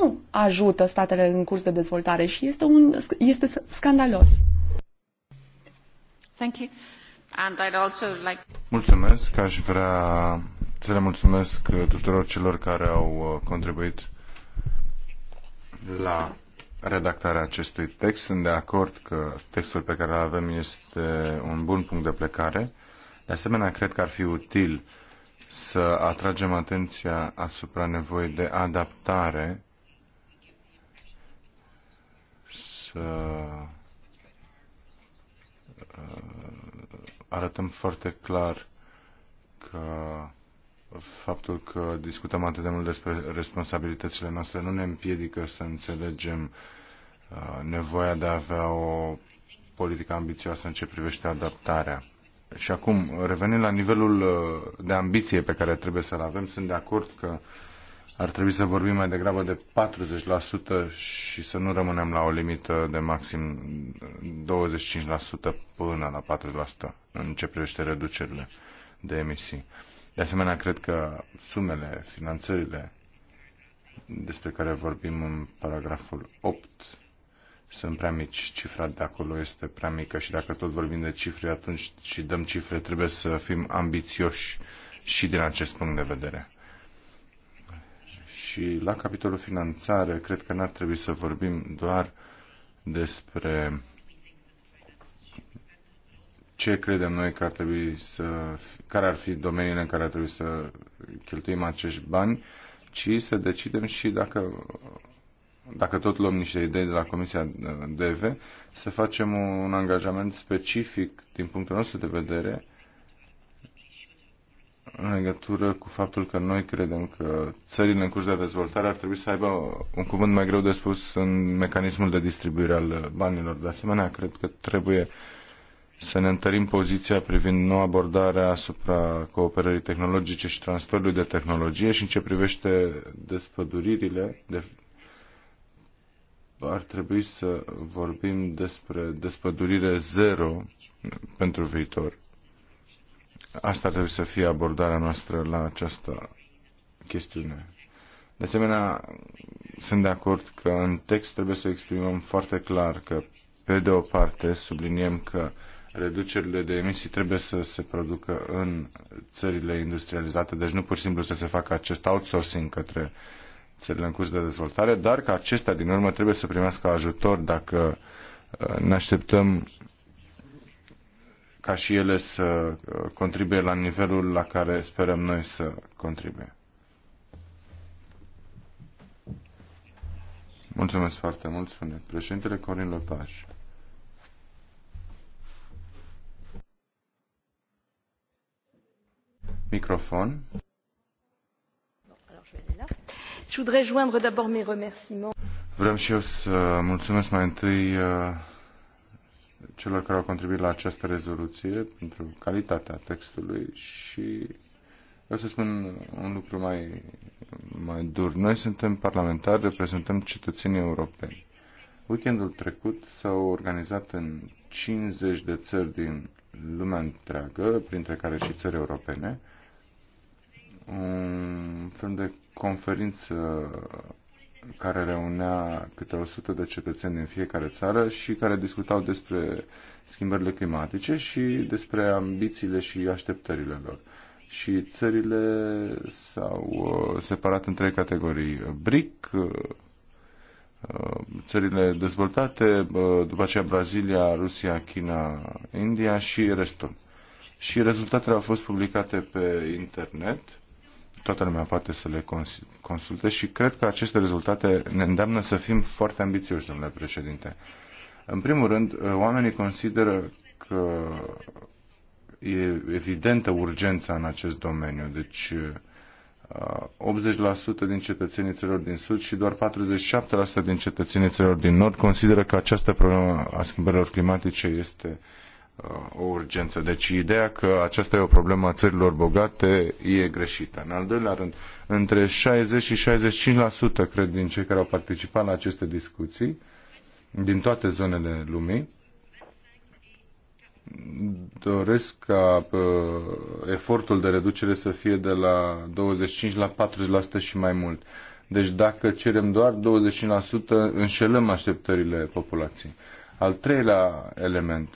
nu ajută statele în curs de dezvoltare și este, un, este scandalos. Thank you. And I'd also like... Mulțumesc, aș vrea să le mulțumesc tuturor celor care au uh, contribuit la redactarea acestui text. Sunt de acord că textul pe care îl avem este un bun punct de plecare. De asemenea, cred că ar fi util să atragem atenția asupra nevoii de adaptare să uh, arătăm foarte clar că faptul că discutăm atât de mult despre responsabilitățile noastre nu ne împiedică să înțelegem uh, nevoia de a avea o politică ambițioasă în ce privește adaptarea. Și acum, revenind la nivelul uh, de ambiție pe care trebuie să-l avem, sunt de acord că uh, ar trebui să vorbim mai degrabă de 40% și să nu rămânem la o limită de maxim 25% până la 40% în ce privește reducerile de emisii. De asemenea, cred că sumele, finanțările despre care vorbim în paragraful 8 sunt prea mici, cifra de acolo este prea mică și dacă tot vorbim de cifre atunci și dăm cifre, trebuie să fim ambițioși și din acest punct de vedere. Și la capitolul finanțare, cred că n-ar trebui să vorbim doar despre ce credem noi că ar trebui să, care ar fi domeniile în care ar trebui să cheltuim acești bani, ci să decidem și dacă, dacă tot luăm niște idei de la Comisia DV, să facem un angajament specific din punctul nostru de vedere în legătură cu faptul că noi credem că țările în curs de dezvoltare ar trebui să aibă un cuvânt mai greu de spus în mecanismul de distribuire al banilor. De asemenea, cred că trebuie să ne întărim poziția privind noua abordare asupra cooperării tehnologice și transferului de tehnologie și în ce privește despăduririle, de, ar trebui să vorbim despre despădurire zero pentru viitor Asta ar trebui să fie abordarea noastră la această chestiune. De asemenea, sunt de acord că în text trebuie să exprimăm foarte clar că, pe de o parte, subliniem că reducerile de emisii trebuie să se producă în țările industrializate, deci nu pur și simplu să se facă acest outsourcing către țările în curs de dezvoltare, dar că acestea din urmă trebuie să primească ajutor dacă uh, ne așteptăm ca și ele să uh, contribuie la nivelul la care sperăm noi să contribuie. Mulțumesc foarte mult, spune președintele Corin Lepaj. Microfon. Je voudrais joindre d'abord mes remerciements. Vreau și eu să mulțumesc mai întâi uh, celor care au contribuit la această rezoluție pentru calitatea textului și vreau să spun un lucru mai, mai dur. Noi suntem parlamentari, reprezentăm cetățenii europeni. Weekendul trecut s-au organizat în 50 de țări din lumea întreagă, printre care și țări europene, un fel de conferință care reunea câte 100 de cetățeni din fiecare țară și care discutau despre schimbările climatice și despre ambițiile și așteptările lor. Și țările s-au uh, separat în trei categorii. BRIC, uh, uh, țările dezvoltate, după aceea Brazilia, Rusia, China, India și restul. Și rezultatele au fost publicate pe internet toată lumea poate să le consulte și cred că aceste rezultate ne îndeamnă să fim foarte ambițioși, domnule președinte. În primul rând, eh, oamenii consideră că e evidentă urgența în acest domeniu. Deci 80% eh, din cetățenii țărilor din Sud și doar 47% din cetățenii țărilor din Nord consideră că această problemă a schimbărilor climatice este o urgență. Deci ideea că aceasta e o problemă a țărilor bogate e greșită. În al doilea rând, între 60 și 65% cred din cei care au participat la aceste discuții din toate zonele lumii doresc ca uh, efortul de reducere să fie de la 25 la 40% și mai mult. Deci dacă cerem doar 25%, înșelăm așteptările populației. Al treilea element,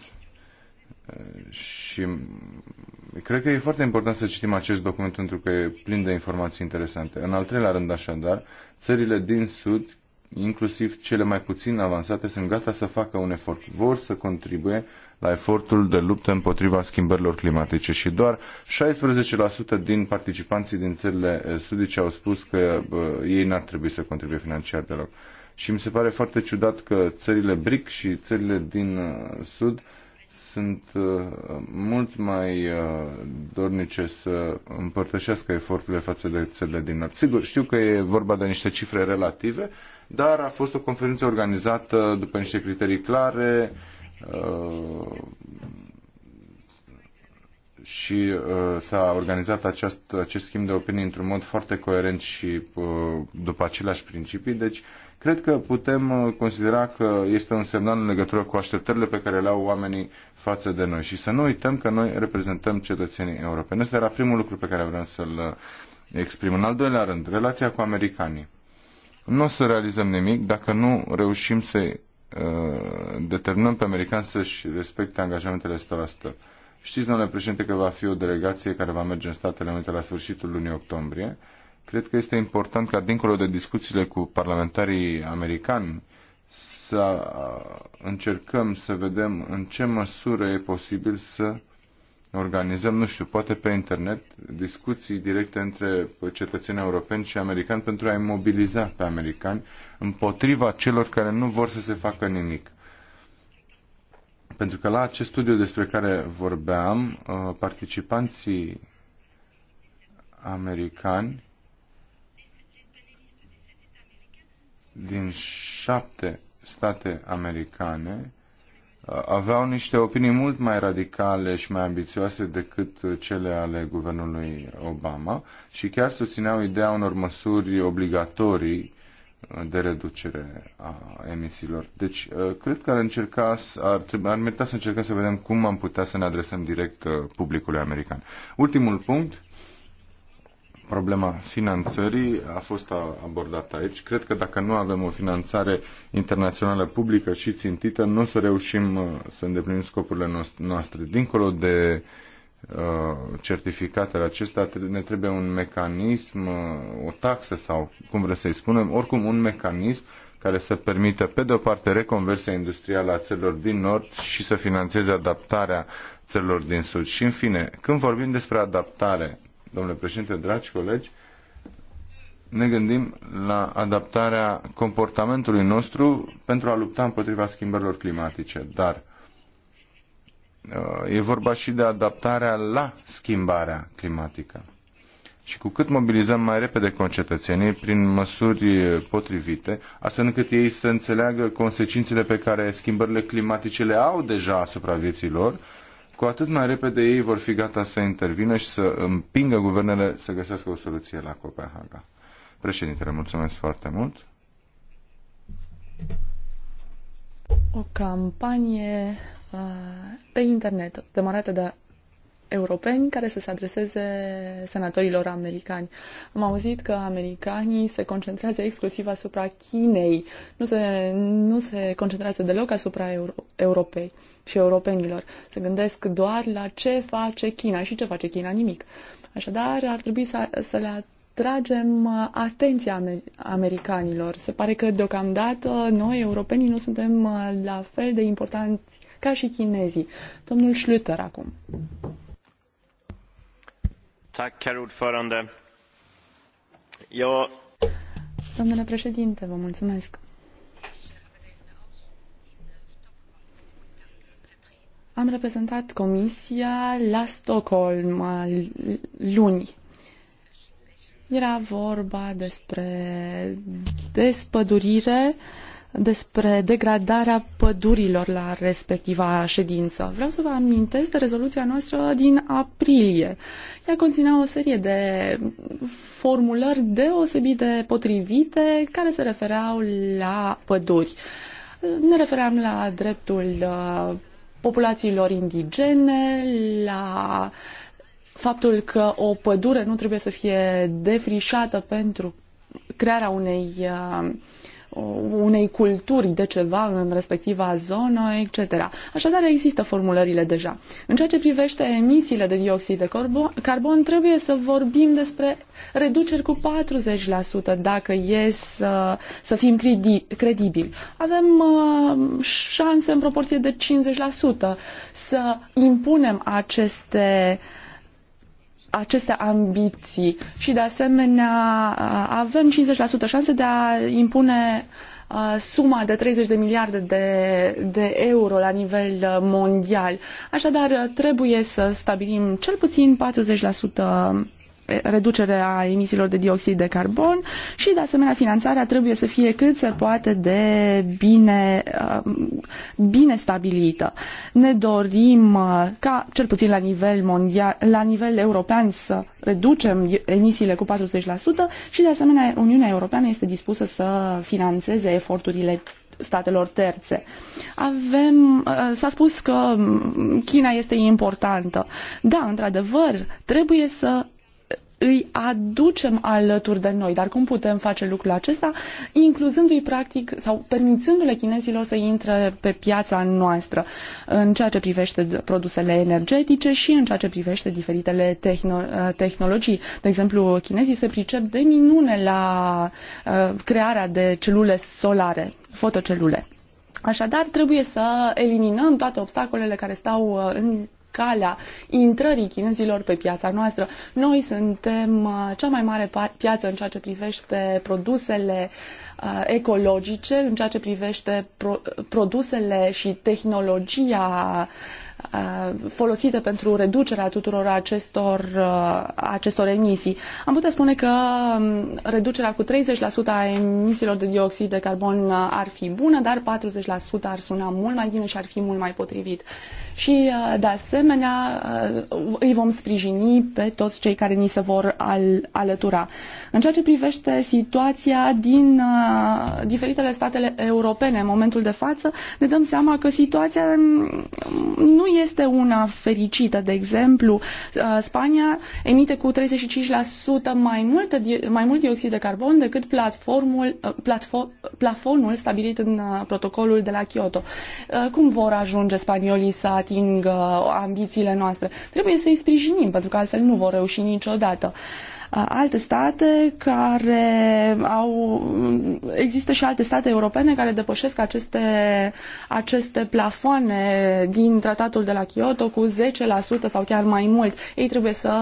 și cred că e foarte important să citim acest document pentru că e plin de informații interesante. În al treilea rând, așadar, țările din Sud, inclusiv cele mai puțin avansate, sunt gata să facă un efort. Vor să contribuie la efortul de luptă împotriva schimbărilor climatice și doar 16% din participanții din țările eh, sudice au spus că bă, eh, ei n-ar trebui să contribuie financiar deloc. Și mi se pare foarte ciudat că țările BRIC și țările din eh, Sud uh, sunt uh, mult mai uh, dornice să împărtășească eforturile față de țările din Nord. Sigur, știu că e vorba de niște cifre relative, dar a fost o conferință organizată după niște criterii clare uh, și s-a organizat acest, acest schimb de opinii într-un mod foarte coerent și după aceleași principii. Deci, Cred că putem uh, considera că este un semnal în legătură cu așteptările pe care le au oamenii față de noi și să nu uităm că noi reprezentăm cetățenii europeni. Ăsta era primul lucru pe care vreau să-l uh, exprim. În al doilea rând, relația cu americanii. Nu o să realizăm nimic dacă nu reușim să uh, determinăm pe americani să-și respecte angajamentele 100%. Știți, domnule președinte, că va fi o delegație care va merge în Statele Unite la sfârșitul lunii octombrie Cred că este important ca, dincolo de discuțiile cu parlamentarii americani, să uh, încercăm să vedem în ce măsură e posibil să organizăm, nu știu, poate pe internet, discuții directe între cetățenii europeni și americani pentru a-i mobiliza pe americani împotriva celor care nu vor să se facă nimic. Pentru că la acest studiu despre care vorbeam, uh, participanții americani din șapte state americane uh, aveau niște opinii mult mai radicale și mai ambițioase decât uh, cele ale guvernului Obama și chiar susțineau ideea unor măsuri obligatorii uh, de reducere a emisiilor. Deci, cred că ar, încerca, ar, trebui, ar merita să încercăm să vedem cum am putea să ne adresăm direct publicului american. Ultimul punct, problema finanțării a fost abordată aici. Cred că dacă nu avem o finanțare internațională publică și țintită, nu o să reușim uh, să îndeplinim scopurile noastre. Dincolo de uh, certificatele acestea, ne trebuie un mecanism, uh, o taxă sau cum vreți să-i spunem, oricum un mecanism care să permită, pe de-o parte, reconversia industrială a țărilor din nord și să financeze adaptarea țărilor din sud. Și, în fine, când vorbim despre adaptare domnule președinte, dragi colegi, ne gândim la adaptarea comportamentului nostru pentru a lupta împotriva schimbărilor climatice. Dar uh, e vorba și de adaptarea la schimbarea climatică. Și cu cât mobilizăm mai repede concetățenii prin măsuri potrivite, astfel încât ei să înțeleagă consecințele pe care schimbările climatice le au deja asupra vieții lor, cu atât mai repede ei vor fi gata să intervină și să împingă guvernele să găsească o soluție la Copenhaga. Președintele, mulțumesc foarte mult. O campanie uh, pe internet demarată de europeni care să se adreseze senatorilor americani. Am auzit că americanii se concentrează exclusiv asupra Chinei, nu se, nu se concentrează deloc asupra euro, europei și europenilor. Se gândesc doar la ce face China și ce face China nimic. Așadar, ar trebui să, să le tragem atenția americanilor. Se pare că deocamdată noi, europenii, nu suntem la fel de importanți ca și chinezii. Domnul Schlüter acum. Domnule preedinte vă mulumesc Am reprezentat comisia la Stockholm luni. Era vorba despre despădurire uh, despre degradarea pădurilor la respectiva ședință. Vreau să vă amintesc de rezoluția noastră din aprilie. Ea conținea o serie de formulări deosebit de potrivite care se refereau la păduri. Ne refeream la dreptul uh, populațiilor indigene, la faptul că o pădure nu trebuie să fie defrișată pentru crearea unei uh, Uh, unei culturi de ceva în respectiva zonă, etc. Așadar, există formulările deja. În ceea ce privește emisiile de dioxid de carbon, trebuie să vorbim despre reduceri cu 40% dacă e să, să fim credibili. Avem uh, șanse în proporție de 50% să impunem aceste uh, aceste ambiții și de asemenea avem 50% șanse de a impune uh, suma de 30 de miliarde de, de euro la nivel uh, mondial. Așadar, trebuie să stabilim cel puțin 40% reducerea emisiilor de dioxid de carbon și, de asemenea, finanțarea trebuie să fie cât se poate de bine, uh, bine stabilită. Ne dorim uh, ca, cel puțin la nivel mondial, la nivel european, să reducem emisiile cu 40% și, de asemenea, Uniunea Europeană este dispusă să financeze eforturile statelor terțe. Avem, uh, s-a spus că China este importantă. Da, într-adevăr, trebuie să îi aducem alături de noi. Dar cum putem face lucrul acesta? Incluzându-i practic sau permițându-le chinezilor să intre pe piața noastră în ceea ce privește produsele energetice și în ceea ce privește diferitele tehno- uh, tehnologii. De exemplu, chinezii se pricep de minune la uh, crearea de celule solare, fotocelule. Așadar, trebuie să eliminăm toate obstacolele care stau uh, în calea intrării chinezilor pe piața noastră. Noi suntem uh, cea mai mare piață în ceea ce privește produsele uh, ecologice, în ceea ce privește produsele și tehnologia uh, folosite pentru reducerea tuturor acestor, acestor emisii. Am putea spune că um, reducerea cu 30% a emisiilor de dioxid de carbon ar fi bună, dar 40% ar suna mult mai bine și ar fi mult mai potrivit și, uh, de asemenea, uh, îi vom sprijini pe toți cei care ni se vor al- alătura. În ceea ce privește situația din uh, diferitele statele europene în momentul de față, ne dăm seama că situația mm, nu este una fericită. De exemplu, Spania emite cu 35% mai, multe, mai mult dioxid de carbon decât platformul, platform, plafonul stabilit în protocolul de la Kyoto. Cum vor ajunge spaniolii să atingă uh, ambițiile noastre. Trebuie să-i sprijinim, pentru că altfel nu vor reuși niciodată alte state care au, există și alte state europene care depășesc aceste, aceste plafoane din tratatul de la Kyoto cu 10% sau chiar mai mult. Ei trebuie să,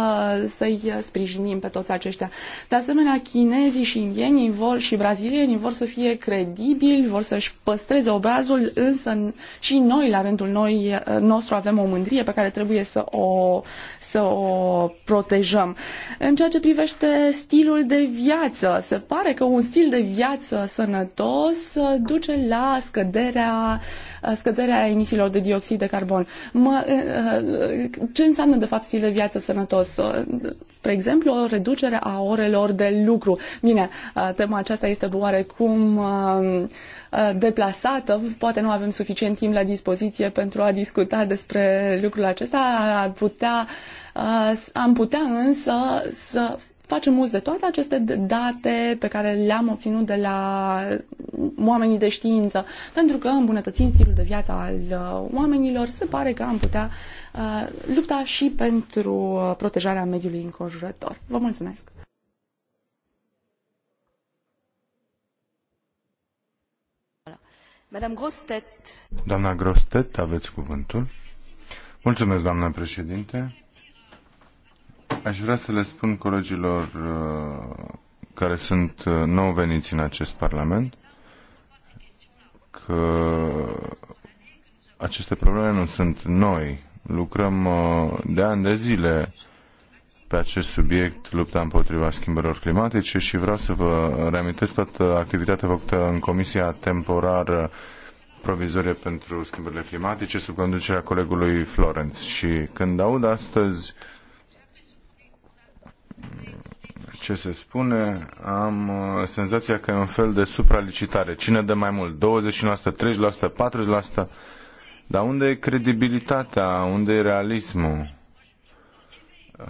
să-i sprijinim pe toți aceștia. De asemenea, chinezii și indienii vor și brazilienii vor să fie credibili, vor să-și păstreze obrazul, însă și noi, la rândul noi, eh, nostru, avem o mândrie pe care trebuie să o, să o protejăm. În ceea ce privește privește stilul de viață, se pare că un stil de viață sănătos uh, duce la scăderea, uh, scăderea emisiilor de dioxid de carbon. Mă, uh, ce înseamnă, de fapt, stil de viață sănătos? Spre exemplu, o reducere a orelor de lucru. Bine, tema aceasta este oarecum deplasată, poate nu avem suficient timp la dispoziție pentru a discuta despre lucrul acesta, ar putea uh, Uh, am putea însă să facem uz de toate aceste date pe care le-am obținut de la oamenii de știință, pentru că îmbunătățind stilul de viață al uh, oamenilor, se pare că am putea uh, lupta și pentru protejarea mediului înconjurător. Vă mulțumesc! Grostet. Doamna Grostet, aveți cuvântul. Mulțumesc, doamna președinte. Aș vrea să le spun colegilor uh, care sunt uh, nou veniți în acest Parlament că aceste probleme nu sunt noi. Lucrăm uh, de ani de zile pe acest subiect, lupta împotriva schimbărilor climatice și vreau să vă reamintesc toată activitatea făcută în Comisia Temporară Provizorie pentru Schimbările Climatice sub conducerea colegului Florenț. Și când aud astăzi uh, ce se spune, am uh, senzația că e un fel de supralicitare. Cine dă mai mult? 20%, 30%, 40%? Dar unde e credibilitatea? Unde e realismul? Uh,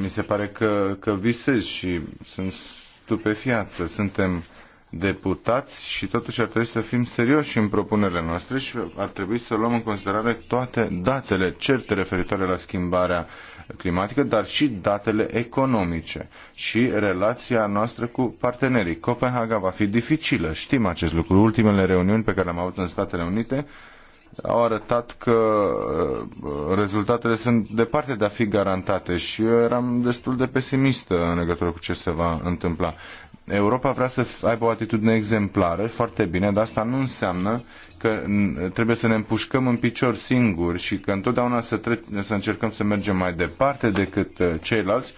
mi se pare că, că visez și sunt stupefiat că suntem deputați și totuși ar trebui să fim serioși în propunerile noastre și ar trebui să luăm în considerare toate datele certe referitoare la schimbarea uh, climatică, dar și datele economice și relația noastră cu partenerii. Copenhaga va fi dificilă, știm acest lucru. Ultimele reuniuni pe care le-am avut în Statele Unite au arătat că uh, rezultatele sunt departe de a fi garantate și eu eram destul de pesimistă în legătură cu ce se va întâmpla. Europa vrea să aibă o atitudine exemplară, foarte bine, dar asta nu înseamnă că trebuie să ne împușcăm în picior singuri și că întotdeauna să, tre- să încercăm să mergem mai departe decât uh, ceilalți,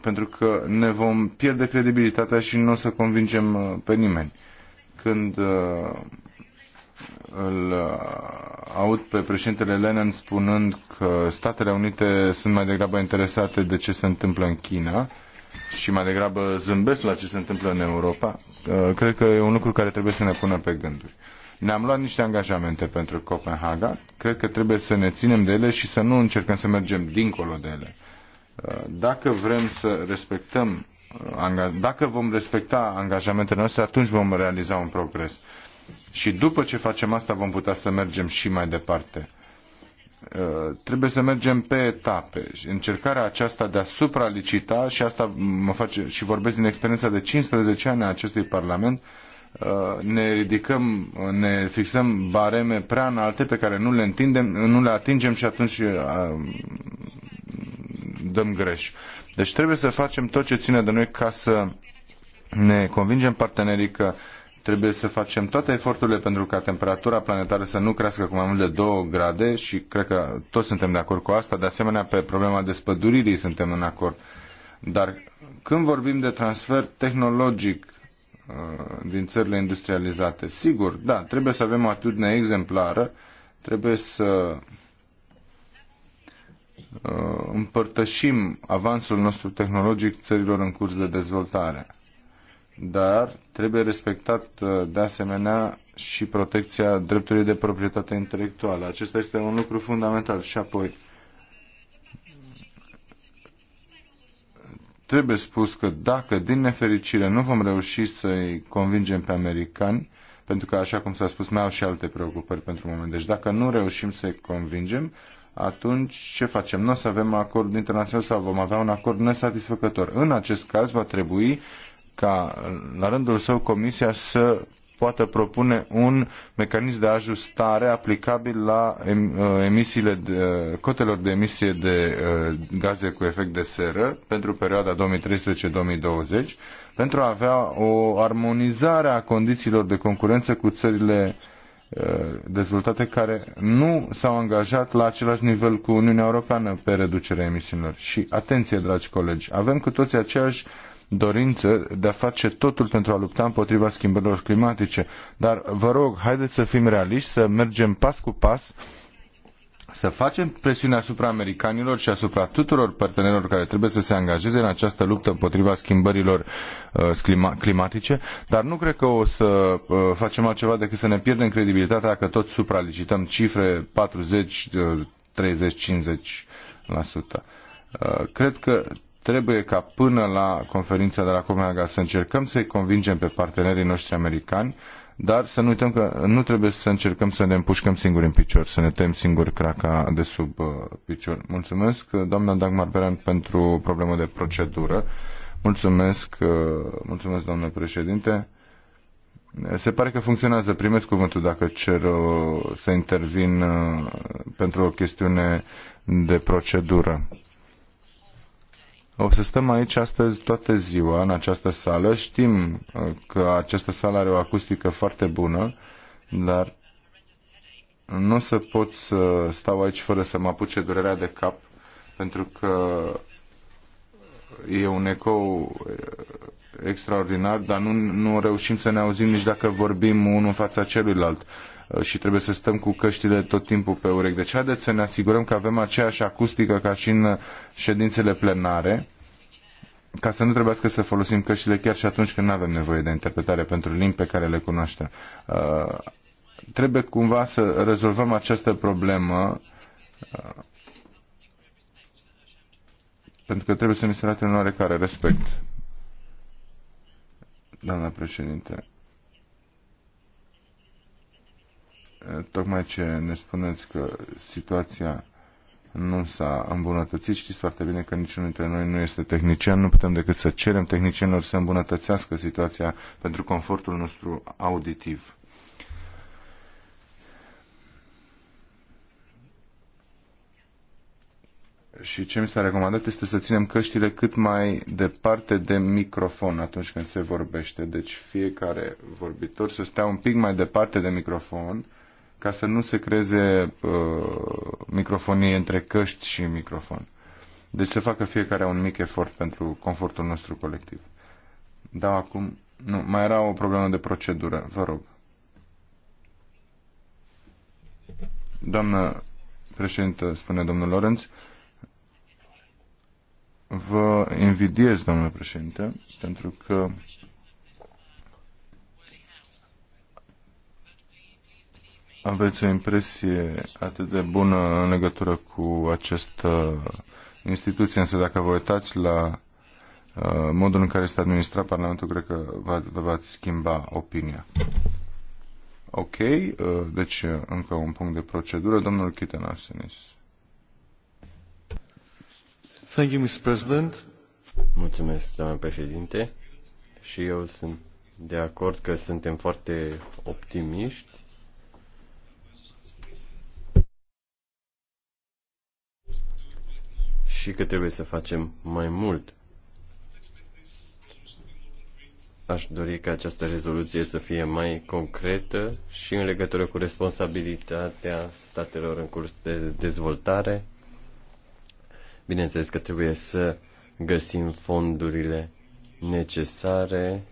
pentru că ne vom pierde credibilitatea și nu o să convingem uh, pe nimeni. Când uh, îl aud pe președintele Lenin spunând că Statele Unite sunt mai degrabă interesate de ce se întâmplă în China și mai degrabă zâmbesc la ce se întâmplă în Europa, cred că e un lucru care trebuie să ne pună pe gânduri. Ne-am luat niște angajamente pentru Copenhaga, cred că trebuie să ne ținem de ele și să nu încercăm să mergem dincolo de ele. Uh, dacă vrem să respectăm, uh, dacă vom respecta angajamentele noastre, atunci vom realiza un progres. Și după ce facem asta, vom putea să mergem și mai departe uh, trebuie să mergem pe etape. Încercarea aceasta de a supralicita și asta mă face și vorbesc din experiența de 15 ani a acestui Parlament Uh, ne ridicăm, uh, ne fixăm bareme prea înalte pe care nu le, întindem, uh, nu le atingem și atunci dăm greș. Deci trebuie să facem tot ce ține de noi ca să ne convingem partenerii că trebuie să facem toate eforturile pentru ca temperatura planetară să nu crească cu mai mult de 2 grade și cred că toți suntem de acord cu asta. De asemenea, pe problema despăduririi suntem în acord. Dar când vorbim de transfer tehnologic, Uh, din țările industrializate. Sigur, da, trebuie să avem o atitudine exemplară, trebuie să uh, împărtășim avansul nostru tehnologic țărilor în curs de dezvoltare. Dar trebuie respectat uh, de asemenea și protecția dreptului de proprietate intelectuală. Acesta este un lucru fundamental. Și apoi, trebuie spus că dacă, din nefericire, nu vom reuși să-i convingem pe americani, pentru că, așa cum s-a spus, mai au și alte preocupări pentru moment. Deci dacă nu reușim să-i convingem, atunci ce facem? Nu o să avem acord internațional sau vom avea un acord nesatisfăcător. În acest caz va trebui ca, la rândul său, Comisia să poată propune un mecanism de ajustare aplicabil la uh, emisiile de, uh, cotelor de emisie de uh, gaze cu efect de seră pentru perioada 2013-2020 pentru a avea o armonizare a condițiilor de concurență cu țările dezvoltate care nu s-au angajat la același nivel cu Uniunea Europeană pe reducerea emisiunilor. Și atenție, dragi colegi, avem cu toții aceeași dorință de a face totul pentru a lupta împotriva schimbărilor climatice. Dar vă rog, haideți să fim realiști, să mergem pas cu pas să facem presiune asupra americanilor și asupra tuturor partenerilor care trebuie să se angajeze în această luptă împotriva schimbărilor uh, climatice, dar nu cred că o să uh, facem altceva decât să ne pierdem credibilitatea dacă tot supralicităm cifre 40, 30, 50%. Cred că Trebuie ca până la conferința de la Copenhaga să încercăm să-i convingem pe partenerii noștri americani, dar să nu uităm că nu trebuie să încercăm să ne împușcăm singuri în picior, să ne tem singuri craca de sub uh, picior. Mulțumesc, uh, doamna Dagmar Beran, pentru problemă de procedură. Mulțumesc, uh, mulțumesc, domnule președinte. Se pare că funcționează. Primesc cuvântul dacă cer să intervin pentru o chestiune de procedură. O să stăm aici astăzi toată ziua, în această sală. Știm uh, că această sală are o acustică foarte bună, dar nu se pot să stau aici fără să mă apuce durerea de cap, pentru că e un ecou uh, extraordinar, dar nu, nu reușim să ne auzim nici dacă vorbim unul în fața celuilalt și trebuie să stăm cu căștile tot timpul pe urechi. Deci haideți să ne asigurăm că avem aceeași acustică ca și în ședințele plenare, ca să nu trebuiască să folosim căștile chiar și atunci când nu avem nevoie de interpretare pentru limbi pe care le cunoaștem. Uh, trebuie cumva să rezolvăm această problemă uh, pentru că trebuie să mi se arate un oarecare respect, doamna președinte. tocmai ce ne spuneți că situația nu s-a îmbunătățit, știți foarte bine că niciunul dintre noi nu este tehnician, nu putem decât să cerem tehnicienilor să îmbunătățească situația pentru confortul nostru auditiv. și ce mi s-a recomandat este să ținem căștile cât mai departe de microfon atunci când se vorbește. Deci fiecare vorbitor să stea un pic mai departe de microfon ca să nu se creeze uh, microfonie între căști și microfon. Deci să facă fiecare un mic efort pentru confortul nostru colectiv. Da, acum... Nu, mai era o problemă de procedură. Vă rog. Doamnă președintă, spune domnul Lorenz, vă invidiez, domnule președinte, pentru că aveți o impresie atât de bună în legătură cu această instituție, însă dacă vă uitați la uh, modul în care este administrat Parlamentul, cred că vă v-ați schimba opinia. Ok, uh, deci uh, încă un punct de procedură. Domnul Chiten Arsenis. Thank you, Mr. President. Mulțumesc, doamnă președinte. Și eu sunt de acord că suntem foarte optimiști și că trebuie să facem mai mult. Aș dori ca această rezoluție să fie mai concretă și în legătură cu responsabilitatea statelor în curs de dezvoltare. Bineînțeles că trebuie să găsim fondurile necesare.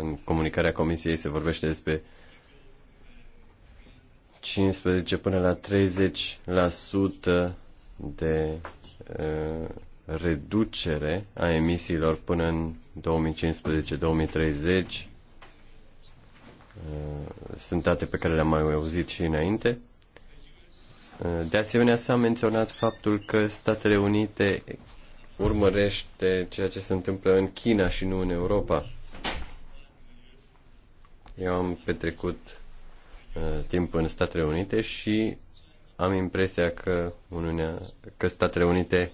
În comunicarea Comisiei se vorbește despre 15 până la 30% de Uh, reducere a emisiilor până în 2015-2030 uh, sunt date pe care le-am mai auzit și înainte. Uh, de asemenea, s-a menționat faptul că Statele Unite urmărește ceea ce se întâmplă în China și nu în Europa. Eu am petrecut uh, timp în Statele Unite și am impresia că Uniunea, că Statele Unite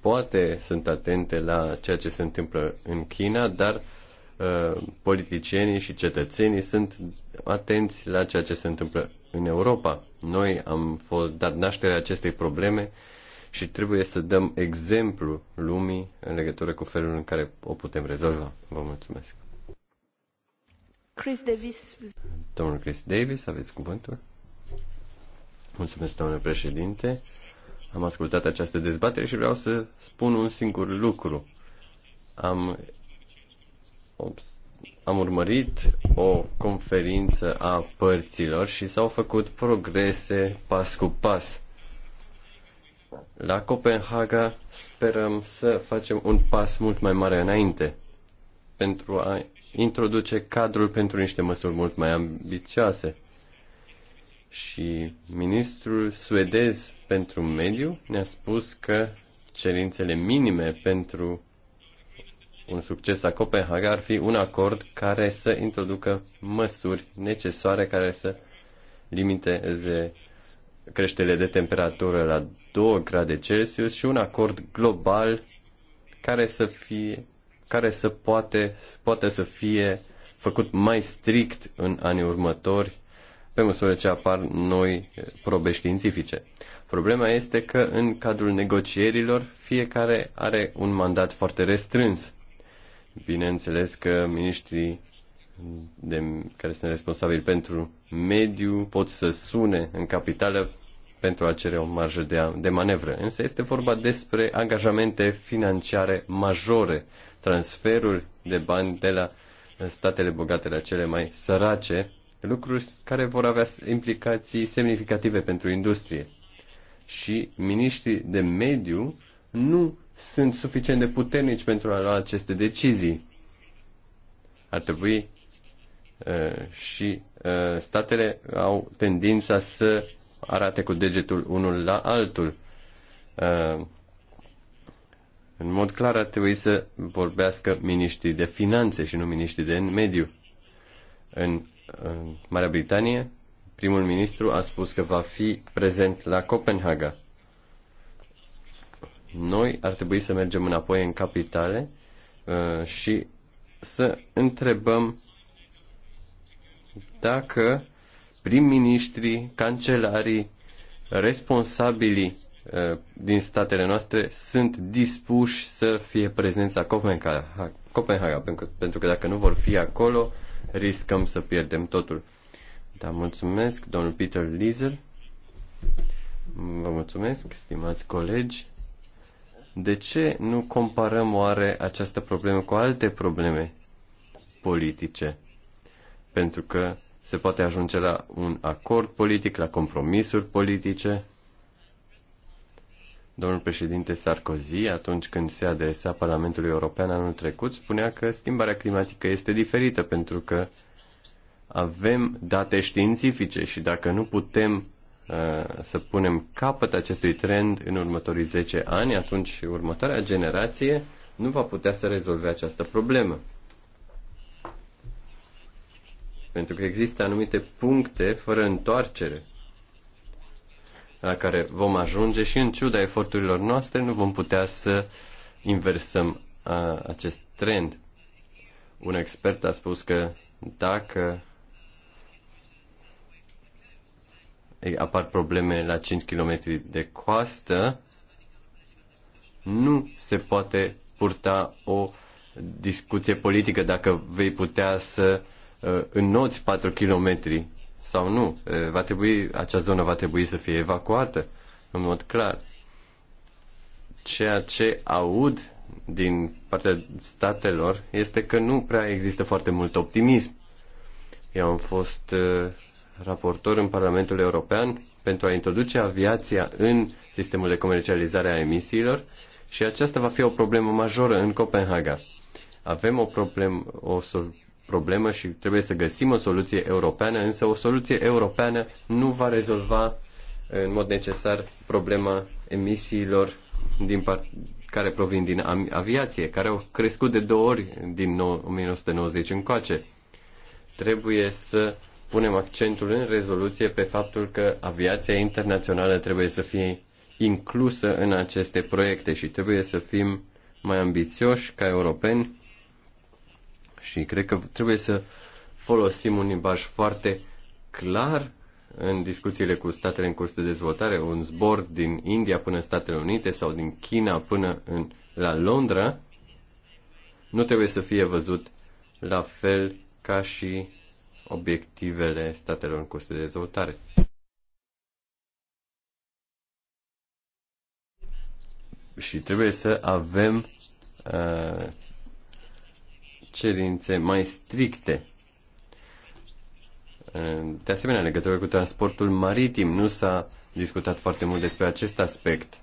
poate sunt atente la ceea ce se întâmplă în China, dar uh, politicienii și cetățenii sunt atenți la ceea ce se întâmplă în Europa. Noi am fost, dat naștere acestei probleme și trebuie să dăm exemplu lumii în legătură cu felul în care o putem rezolva. Vă mulțumesc. Chris Davis. Domnul Chris Davis, aveți cuvântul? Mulțumesc, domnule președinte. Am ascultat această dezbatere și vreau să spun un singur lucru. Am, am urmărit o conferință a părților și s-au făcut progrese pas cu pas. La Copenhaga sperăm să facem un pas mult mai mare înainte pentru a introduce cadrul pentru niște măsuri mult mai ambicioase și ministrul suedez pentru mediu ne-a spus că cerințele minime pentru un succes la Copenhaga ar fi un acord care să introducă măsuri necesare care să limiteze creșterile de temperatură la 2 grade Celsius și un acord global care să fie care să poate, poate să fie făcut mai strict în anii următori pe măsură ce apar noi probe științifice. Problema este că în cadrul negocierilor fiecare are un mandat foarte restrâns. Bineînțeles că ministrii de, care sunt responsabili pentru mediu pot să sune în capitală pentru a cere o marjă de, a, de manevră. Însă este vorba despre angajamente financiare majore, transferuri de bani de la statele bogate la cele mai sărace lucruri care vor avea implicații semnificative pentru industrie. Și miniștrii de mediu nu sunt suficient de puternici pentru a lua aceste decizii. Ar trebui uh, și uh, statele au tendința să arate cu degetul unul la altul. Uh, în mod clar ar trebui să vorbească miniștrii de finanțe și nu miniștrii de mediu. În Marea Britanie, primul ministru a spus că va fi prezent la Copenhaga. Noi ar trebui să mergem înapoi în capitale uh, și să întrebăm dacă prim-ministrii, cancelarii, responsabilii uh, din statele noastre sunt dispuși să fie prezenți la Copenhaga, Copenhaga pentru, că, pentru că dacă nu vor fi acolo, riscăm să pierdem totul. Da, mulțumesc, domnul Peter Liesel. Vă mulțumesc, stimați colegi. De ce nu comparăm oare această problemă cu alte probleme politice? Pentru că se poate ajunge la un acord politic, la compromisuri politice, Domnul președinte Sarkozy, atunci când se adresa Parlamentului European anul trecut, spunea că schimbarea climatică este diferită pentru că avem date științifice și dacă nu putem uh, să punem capăt acestui trend în următorii 10 ani, atunci următoarea generație nu va putea să rezolve această problemă. Pentru că există anumite puncte fără întoarcere la care vom ajunge și în ciuda eforturilor noastre nu vom putea să inversăm a, acest trend. Un expert a spus că dacă apar probleme la 5 km de coastă, nu se poate purta o discuție politică dacă vei putea să uh, înnoți 4 km sau nu. Va trebui, acea zonă va trebui să fie evacuată în mod clar. Ceea ce aud din partea statelor este că nu prea există foarte mult optimism. Eu am fost raportor în Parlamentul European pentru a introduce aviația în sistemul de comercializare a emisiilor și aceasta va fi o problemă majoră în Copenhaga. Avem o problemă, o, problemă și trebuie să găsim o soluție europeană, însă o soluție europeană nu va rezolva uh, în mod necesar problema emisiilor din care provin din aviație, care au crescut de două ori din 1990 încoace. Trebuie să punem accentul în rezoluție pe faptul că aviația internațională trebuie să fie inclusă în aceste proiecte și trebuie să fim mai ambițioși ca europeni și cred că trebuie să folosim un limbaj foarte clar în discuțiile cu statele în curs de dezvoltare, un zbor din India până în Statele Unite sau din China până în, la Londra, nu trebuie să fie văzut la fel ca și obiectivele statelor în curs de dezvoltare. Și trebuie să avem uh, cerințe mai stricte. De asemenea, în legătură cu transportul maritim, nu s-a discutat foarte mult despre acest aspect.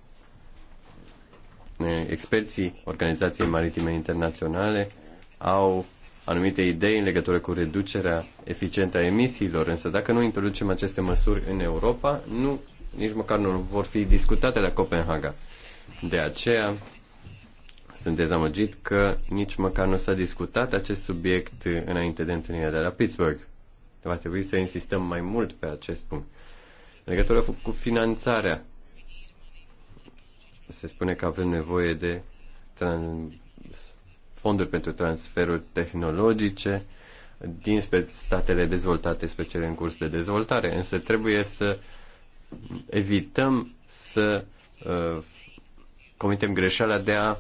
Experții Organizației Maritime Internaționale au anumite idei în legătură cu reducerea eficientă a emisiilor, însă dacă nu introducem aceste măsuri în Europa, nu, nici măcar nu vor fi discutate la Copenhaga. De aceea, sunt dezamăgit că nici măcar nu s-a discutat acest subiect înainte de întâlnirea de la Pittsburgh. Va trebui să insistăm mai mult pe acest punct. În legătură cu finanțarea, se spune că avem nevoie de fonduri pentru transferuri tehnologice din statele dezvoltate spre cele în curs de dezvoltare, însă trebuie să evităm să uh, comitem greșeala de a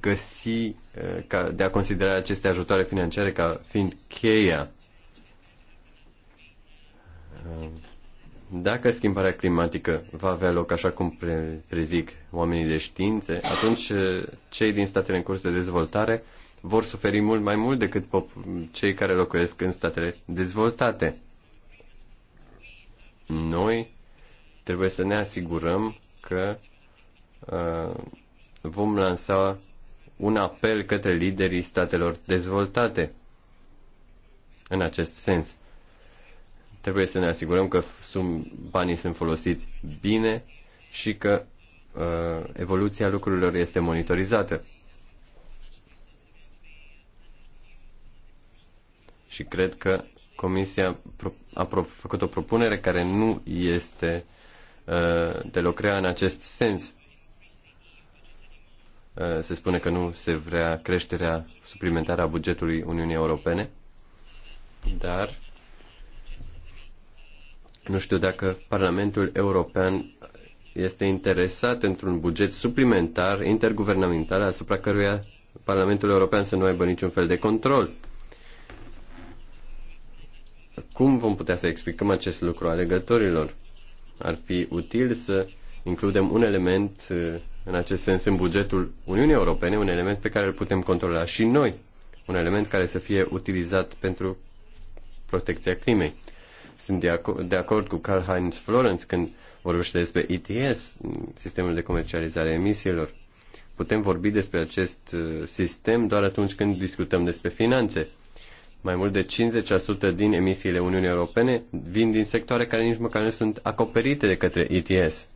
găsi, uh, ca, de a considera aceste ajutoare financiare ca fiind cheia. Uh, dacă schimbarea climatică va avea loc așa cum prezic oamenii de științe, atunci uh, cei din statele în curs de dezvoltare vor suferi mult mai mult decât cei care locuiesc în statele dezvoltate. Noi trebuie să ne asigurăm că uh, vom lansa un apel către liderii statelor dezvoltate în acest sens. Trebuie să ne asigurăm că sum, banii sunt folosiți bine și că uh, evoluția lucrurilor este monitorizată. Și cred că Comisia a făcut o propunere care nu este uh, deloc rea în acest sens Eh, se spune că nu se vrea creșterea suplimentară a bugetului Uniunii Europene, dar nu știu dacă Parlamentul European este interesat într-un buget suplimentar interguvernamental asupra căruia Parlamentul European să nu aibă niciun fel de control. Cum vom putea să explicăm acest lucru alegătorilor? Ar fi util să includem un element uh, în acest sens în bugetul Uniunii Europene, un element pe care îl putem controla și noi, un element care să fie utilizat pentru protecția climei. Sunt de, ac- de acord cu Karl-Heinz Florenz, când vorbește despre ETS, sistemul de comercializare a emisiilor. Putem vorbi despre acest uh, sistem doar atunci când discutăm despre finanțe. Mai mult de 50% din emisiile Uniunii Europene vin din sectoare care nici măcar nu sunt acoperite de către ETS.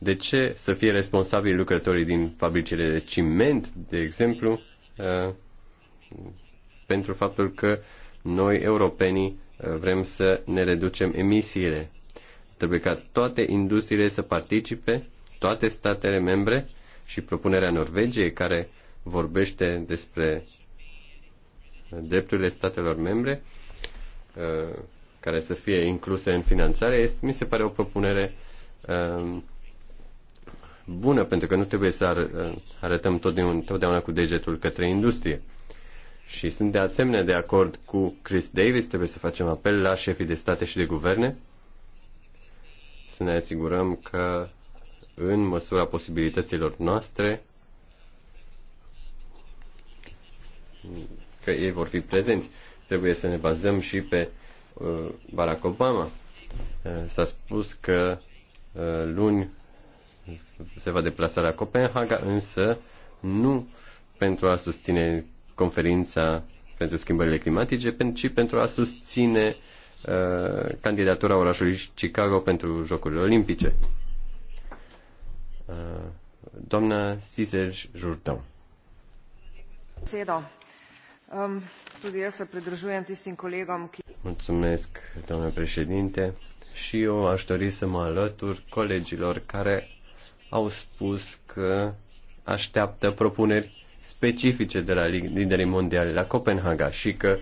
De ce să fie responsabili lucrătorii din fabricile de ciment, de exemplu, uh, pentru faptul că noi, europenii, uh, vrem să ne reducem emisiile? Trebuie ca toate industriile să participe, toate statele membre și propunerea Norvegiei, care vorbește despre drepturile statelor membre, uh, care să fie incluse în finanțare, este, mi se pare o propunere bună, pentru că nu trebuie să ar, arătăm totdeauna cu degetul către industrie. Și sunt de asemenea de acord cu Chris Davis, trebuie să facem apel la șefii de state și de guverne să ne asigurăm că în măsura posibilităților noastre că ei vor fi prezenți. Trebuie să ne bazăm și pe uh, Barack Obama. Uh, s-a spus că uh, luni se va deplasa la Copenhaga, însă nu pentru a susține conferința pentru schimbările climatice, ci pentru a susține uh, candidatura orașului Chicago pentru Jocurile Olimpice. Uh, doamna Cizer Jourdan. Sedo. Mulțumesc, doamnă președinte. Și eu aș dori să mă alătur colegilor care au spus că așteaptă propuneri specifice de la liderii mondiali la Copenhaga și că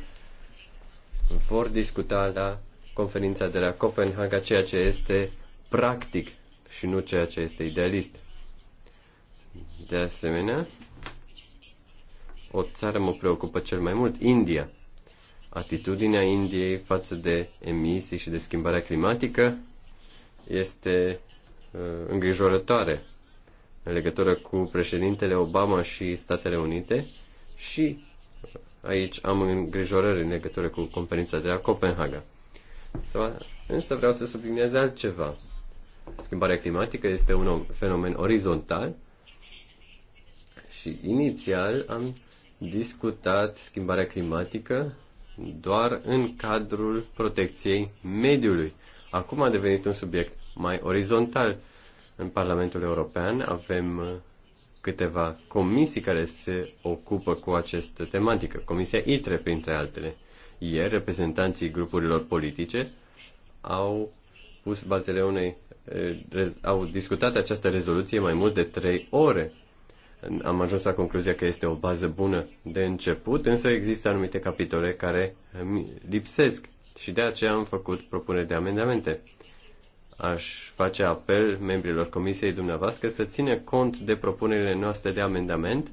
vor discuta la conferința de la Copenhaga ceea ce este practic și nu ceea ce este idealist. De asemenea, o țară mă preocupă cel mai mult, India. Atitudinea Indiei față de emisii și de schimbarea climatică este Uh, îngrijorătoare în legătură cu președintele Obama și Statele Unite și aici am îngrijorări în legătură cu conferința de la Copenhaga. Însă vreau să subliniez altceva. Schimbarea climatică este un fenomen orizontal și inițial am discutat schimbarea climatică doar în cadrul protecției mediului. Acum a devenit un subiect mai orizontal. În Parlamentul European avem uh, câteva comisii care se ocupă cu această tematică, Comisia ITRE, printre altele. Ieri, reprezentanții grupurilor politice au pus bazele unei uh, au discutat această rezoluție mai mult de trei ore. Am ajuns la concluzia că este o bază bună de început, însă există anumite capitole care lipsesc și de aceea am făcut propuneri de amendamente aș face apel membrilor comisiei dumneavoastră să ține cont de propunerile noastre de amendament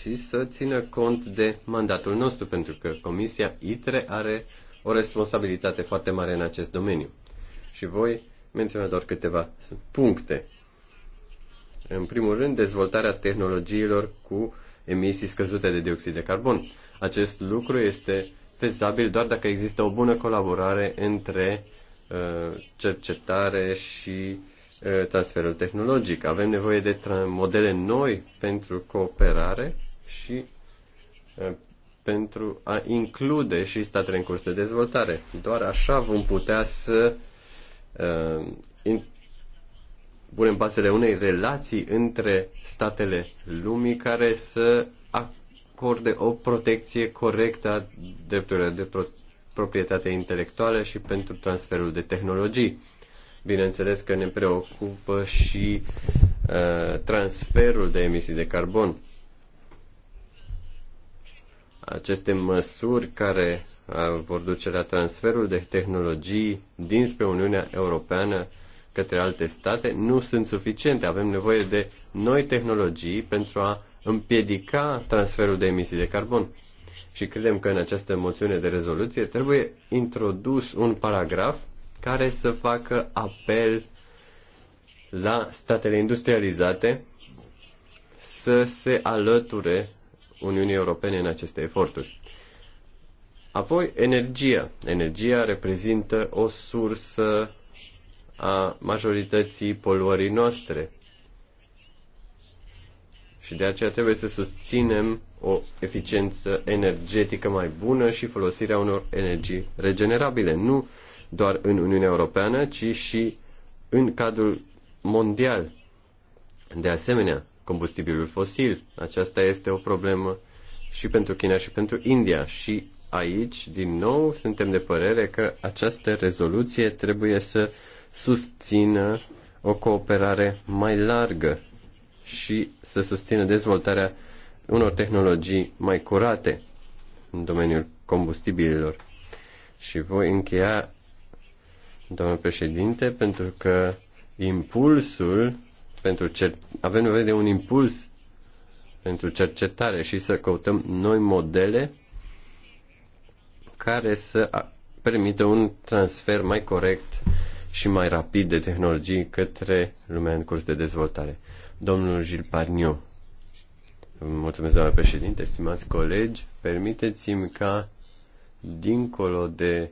și să țină cont de mandatul nostru, pentru că Comisia ITRE are o responsabilitate foarte mare în acest domeniu. Și voi menționa doar câteva puncte. În primul rând, dezvoltarea tehnologiilor cu emisii scăzute de dioxid de carbon. Acest lucru este fezabil doar dacă există o bună colaborare între uh, Uh, cercetare și uh, transferul tehnologic. Avem nevoie de modele noi pentru cooperare și uh, pentru a include și statele în curs de dezvoltare. Doar așa vom putea să punem pasele unei relații între statele lumii care să acorde o protecție corectă a drepturilor de, protecție proprietatea intelectuală și pentru transferul de tehnologii. Bineînțeles că ne preocupă și uh, transferul de emisii de carbon. Aceste măsuri care uh, vor duce la transferul de tehnologii dinspre Uniunea Europeană către alte state nu sunt suficiente. Avem nevoie de noi tehnologii pentru a împiedica transferul de emisii de carbon și credem că în această moțiune de rezoluție trebuie introdus un paragraf care să facă apel la statele industrializate să se alăture Uniunii Europene în aceste eforturi. Apoi, energia. Energia reprezintă o sursă a majorității poluării noastre. Și de aceea trebuie să susținem o eficiență energetică mai bună și folosirea unor energii regenerabile, nu doar în Uniunea Europeană, ci și în cadrul mondial. De asemenea, combustibilul fosil, aceasta este o problemă și pentru China și pentru India și aici, din nou, suntem de părere că această rezoluție trebuie să susțină o cooperare mai largă și să susțină dezvoltarea unor tehnologii mai curate în domeniul combustibililor. Și voi încheia, domnul președinte, pentru că impulsul pentru cer- avem nevoie de un impuls pentru cercetare și să căutăm noi modele care să permită un transfer mai corect și mai rapid de tehnologii către lumea în curs de dezvoltare. Domnul Gilles Parniu. Mulțumesc, doamne președinte, stimați colegi. Permiteți-mi ca, dincolo de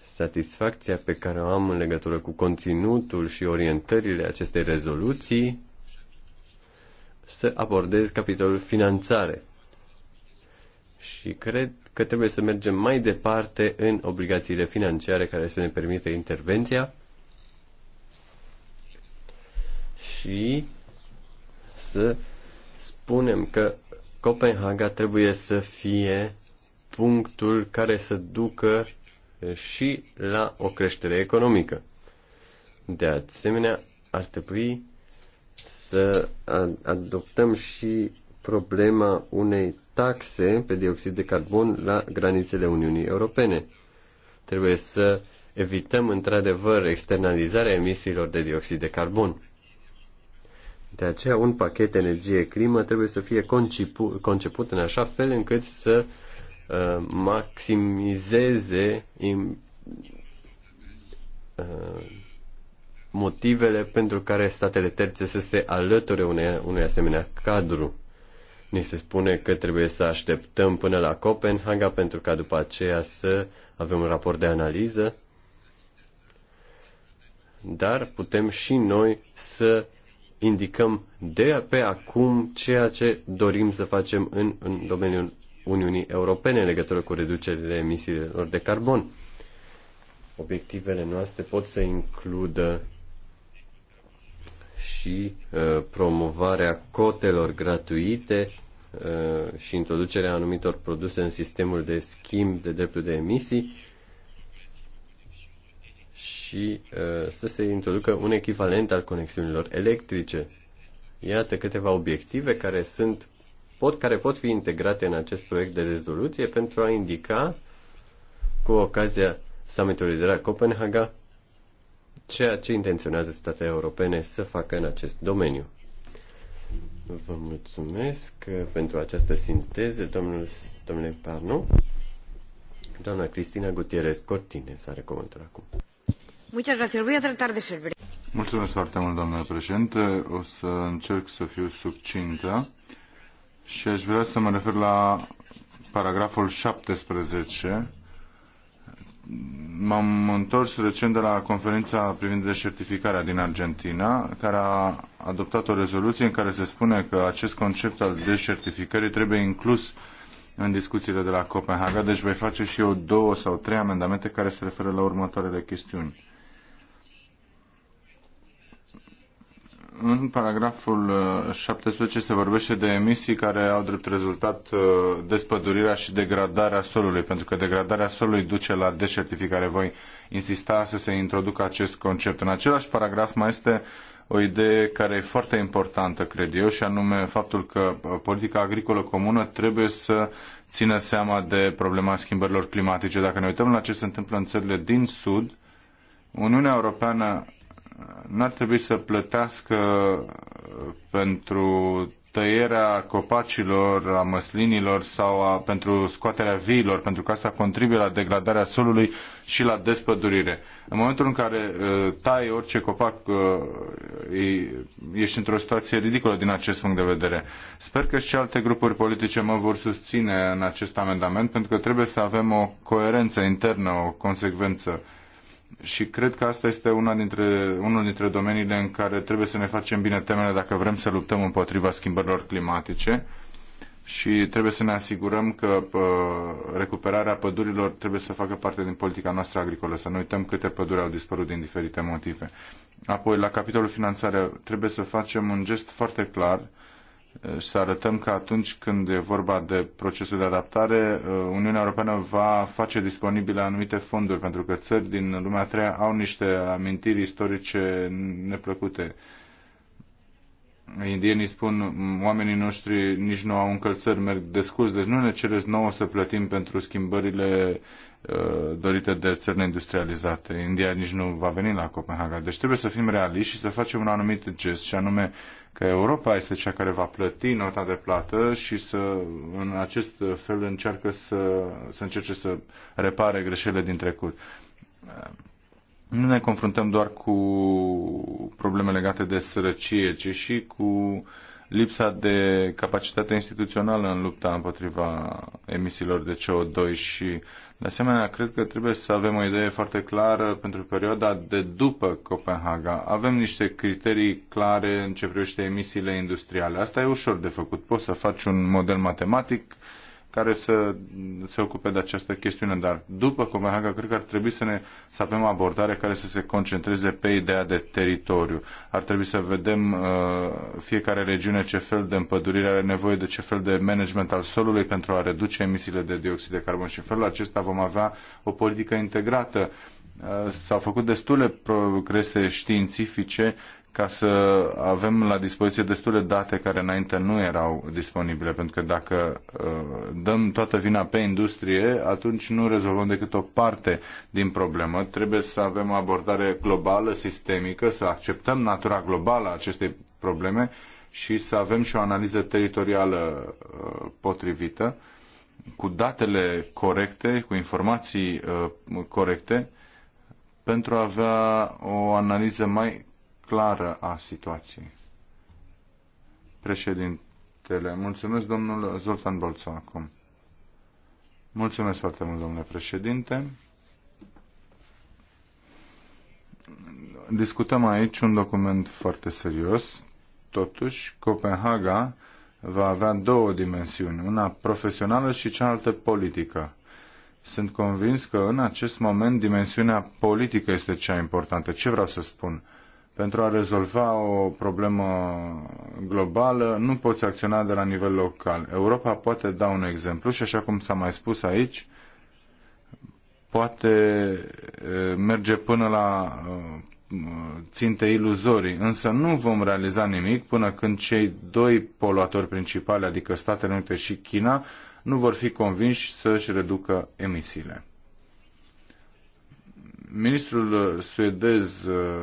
satisfacția pe care o am în legătură cu conținutul și orientările acestei rezoluții, să abordez capitolul finanțare și cred că trebuie să mergem mai departe în obligațiile financiare care să ne permită intervenția și să spunem că Copenhaga trebuie să fie punctul care să ducă și la o creștere economică. De asemenea, ar trebui să adoptăm și problema unei taxe pe dioxid de carbon la granițele Uniunii Europene. Trebuie să evităm într-adevăr externalizarea emisiilor de dioxid de carbon. De aceea, un pachet energie-climă trebuie să fie conceput, conceput în așa fel încât să uh, maximizeze in, uh, motivele pentru care statele terțe să se alăture unei, unui asemenea cadru. Ni se spune că trebuie să așteptăm până la Copenhaga pentru ca după aceea să avem un raport de analiză, dar putem și noi să indicăm de pe acum ceea ce dorim să facem în, în domeniul Uniunii Europene în legătură cu reducerile emisiilor de carbon. Obiectivele noastre pot să includă și uh, promovarea cotelor gratuite uh, și introducerea anumitor produse în sistemul de schimb de dreptul de emisii și uh, să se introducă un echivalent al conexiunilor electrice. Iată câteva obiective care sunt pot, care pot fi integrate în acest proiect de rezoluție pentru a indica cu ocazia summitului de la Copenhaga ceea ce intenționează statele europene să facă în acest domeniu. Vă mulțumesc pentru această sinteză, domnul, domnule Parnu. Doamna Cristina Gutierrez Cortines are cuvântul acum. Mulțumesc foarte mult, domnule președinte. O să încerc să fiu subcintă și aș vrea să mă refer la paragraful 17 m-am întors recent de la conferința privind deșertificarea din Argentina, care a adoptat o rezoluție în care se spune că acest concept al deșertificării trebuie inclus în discuțiile de la Copenhaga, deci voi face și eu două sau trei amendamente care se referă la următoarele chestiuni. În paragraful 17 uh, se vorbește de emisii care au drept rezultat uh, despădurirea și degradarea solului, pentru că degradarea solului duce la deșertificare. Voi insista să se introducă acest concept. În același paragraf mai este o idee care e foarte importantă, cred eu, și anume faptul că uh, politica agricolă comună trebuie să țină seama de problema schimbărilor climatice. Dacă ne uităm la ce se întâmplă în țările din Sud, Uniunea Europeană n-ar trebui să plătească uh, pentru tăierea copacilor, a măslinilor sau a, pentru scoaterea viilor, pentru că asta contribuie la degradarea solului și la despădurire. În momentul în care uh, tai orice copac, uh, ești într-o situație ridicolă din acest punct de vedere. Sper că și alte grupuri politice mă vor susține în acest amendament, pentru că trebuie să avem o coerență internă, o consecvență și cred că asta este una dintre, unul dintre domeniile în care trebuie să ne facem bine temele dacă vrem să luptăm împotriva schimbărilor climatice și trebuie să ne asigurăm că pă, recuperarea pădurilor trebuie să facă parte din politica noastră agricolă, să nu uităm câte păduri au dispărut din diferite motive. Apoi, la capitolul finanțare, trebuie să facem un gest foarte clar să arătăm că atunci când e vorba de procesul de adaptare, uh, Uniunea Europeană va face disponibile anumite fonduri, pentru că țări din lumea a treia au niște amintiri istorice neplăcute. Indienii spun, oamenii noștri nici nu au încălțări, merg descurs, deci nu ne cereți nouă să plătim pentru schimbările uh, dorite de țările industrializate. India nici nu va veni la Copenhaga. Deci trebuie să fim realiști și să facem un anumit gest, și anume că Europa este cea care va plăti nota de plată și să, în acest fel încearcă să, să încerce să repare greșelile din trecut. Nu ne confruntăm doar cu probleme legate de sărăcie, ci și cu lipsa de capacitate instituțională în lupta împotriva emisiilor de CO2 și de asemenea, cred că trebuie să avem o idee foarte clară pentru perioada de după Copenhaga. Avem niște criterii clare în ce privește emisiile industriale. Asta e ușor de făcut. Poți să faci un model matematic care să se ocupe de această chestiune, dar după Copenhaga cred că ar trebui să, ne, să avem abordare care să se concentreze pe ideea de teritoriu. Ar trebui să vedem uh, fiecare regiune ce fel de împădurire are nevoie de ce fel de management al solului pentru a reduce emisiile de dioxid de carbon și în felul acesta vom avea o politică integrată. Uh, s-au făcut destule progrese științifice ca să avem la dispoziție destule date care înainte nu erau disponibile, pentru că dacă uh, dăm toată vina pe industrie, atunci nu rezolvăm decât o parte din problemă. Trebuie să avem o abordare globală, sistemică, să acceptăm natura globală a acestei probleme și să avem și o analiză teritorială uh, potrivită, cu datele corecte, cu informații uh, corecte, pentru a avea o analiză mai clară a situației. Președintele, mulțumesc domnul Zoltan Bolțo acum. Mulțumesc foarte mult, domnule președinte. Discutăm aici un document foarte serios. Totuși, Copenhaga va avea două dimensiuni, una profesională și cealaltă politică. Sunt convins că în acest moment dimensiunea politică este cea importantă. Ce vreau să spun? pentru a rezolva o problemă globală nu poți acționa de la nivel local. Europa poate da un exemplu și așa cum s-a mai spus aici, poate merge până la ținte iluzorii, însă nu vom realiza nimic până când cei doi poluatori principali, adică Statele Unite și China, nu vor fi convinși să-și reducă emisiile. Ministrul uh, suedez uh,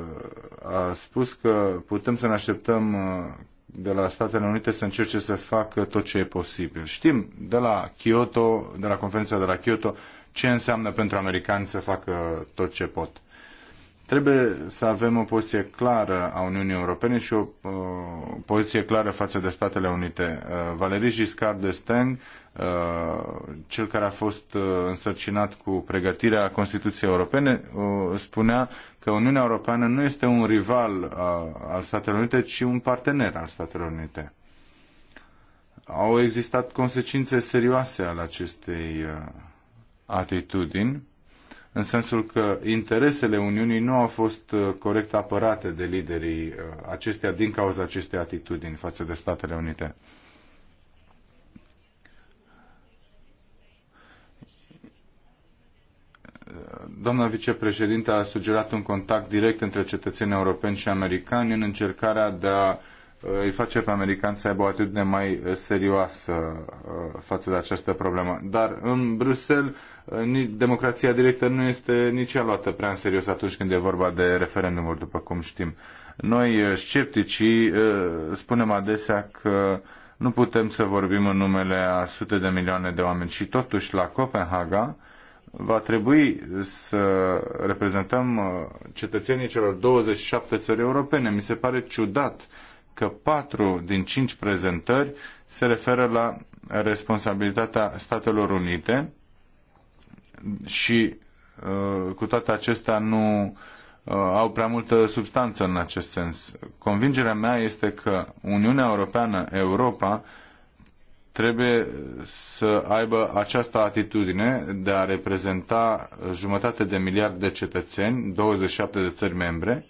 a spus că putem să ne așteptăm uh, de la Statele Unite să încerce să facă tot ce e posibil. Știm de la Kyoto, de la conferința de la Kyoto, ce înseamnă pentru americani să facă tot ce pot. Trebuie să avem o poziție clară a Uniunii Europene și o uh, poziție clară față de Statele Unite. Uh, Valerie Giscard d'Estaing Uh, cel care a fost uh, însărcinat cu pregătirea Constituției Europene, uh, spunea că Uniunea Europeană nu este un rival al Statelor Unite, ci un partener al Statelor Unite. Au existat consecințe serioase ale acestei atitudini, în sensul că interesele Uniunii nu au fost corect apărate de liderii acestea din cauza acestei atitudini față de Statele Unite. doamna vicepreședintă a sugerat un contact direct între cetățenii europeni și americani în încercarea de a uh, îi face pe americani să aibă o atitudine mai uh, serioasă uh, față de această problemă. Dar în Bruxelles democrația directă nu este nici ea luată prea în serios atunci când e vorba de referendumuri, după cum știm. Noi, scepticii, spunem adesea că nu putem să vorbim în numele a sute de milioane de oameni și totuși la Copenhaga va trebui să reprezentăm uh, cetățenii celor 27 țări europene. Mi se pare ciudat că patru din cinci prezentări se referă la responsabilitatea Statelor Unite și uh, cu toate acestea nu uh, au prea multă substanță în acest sens. Convingerea mea este că Uniunea Europeană, Europa, trebuie să aibă această atitudine de a reprezenta jumătate de miliard de cetățeni, 27 de țări membre,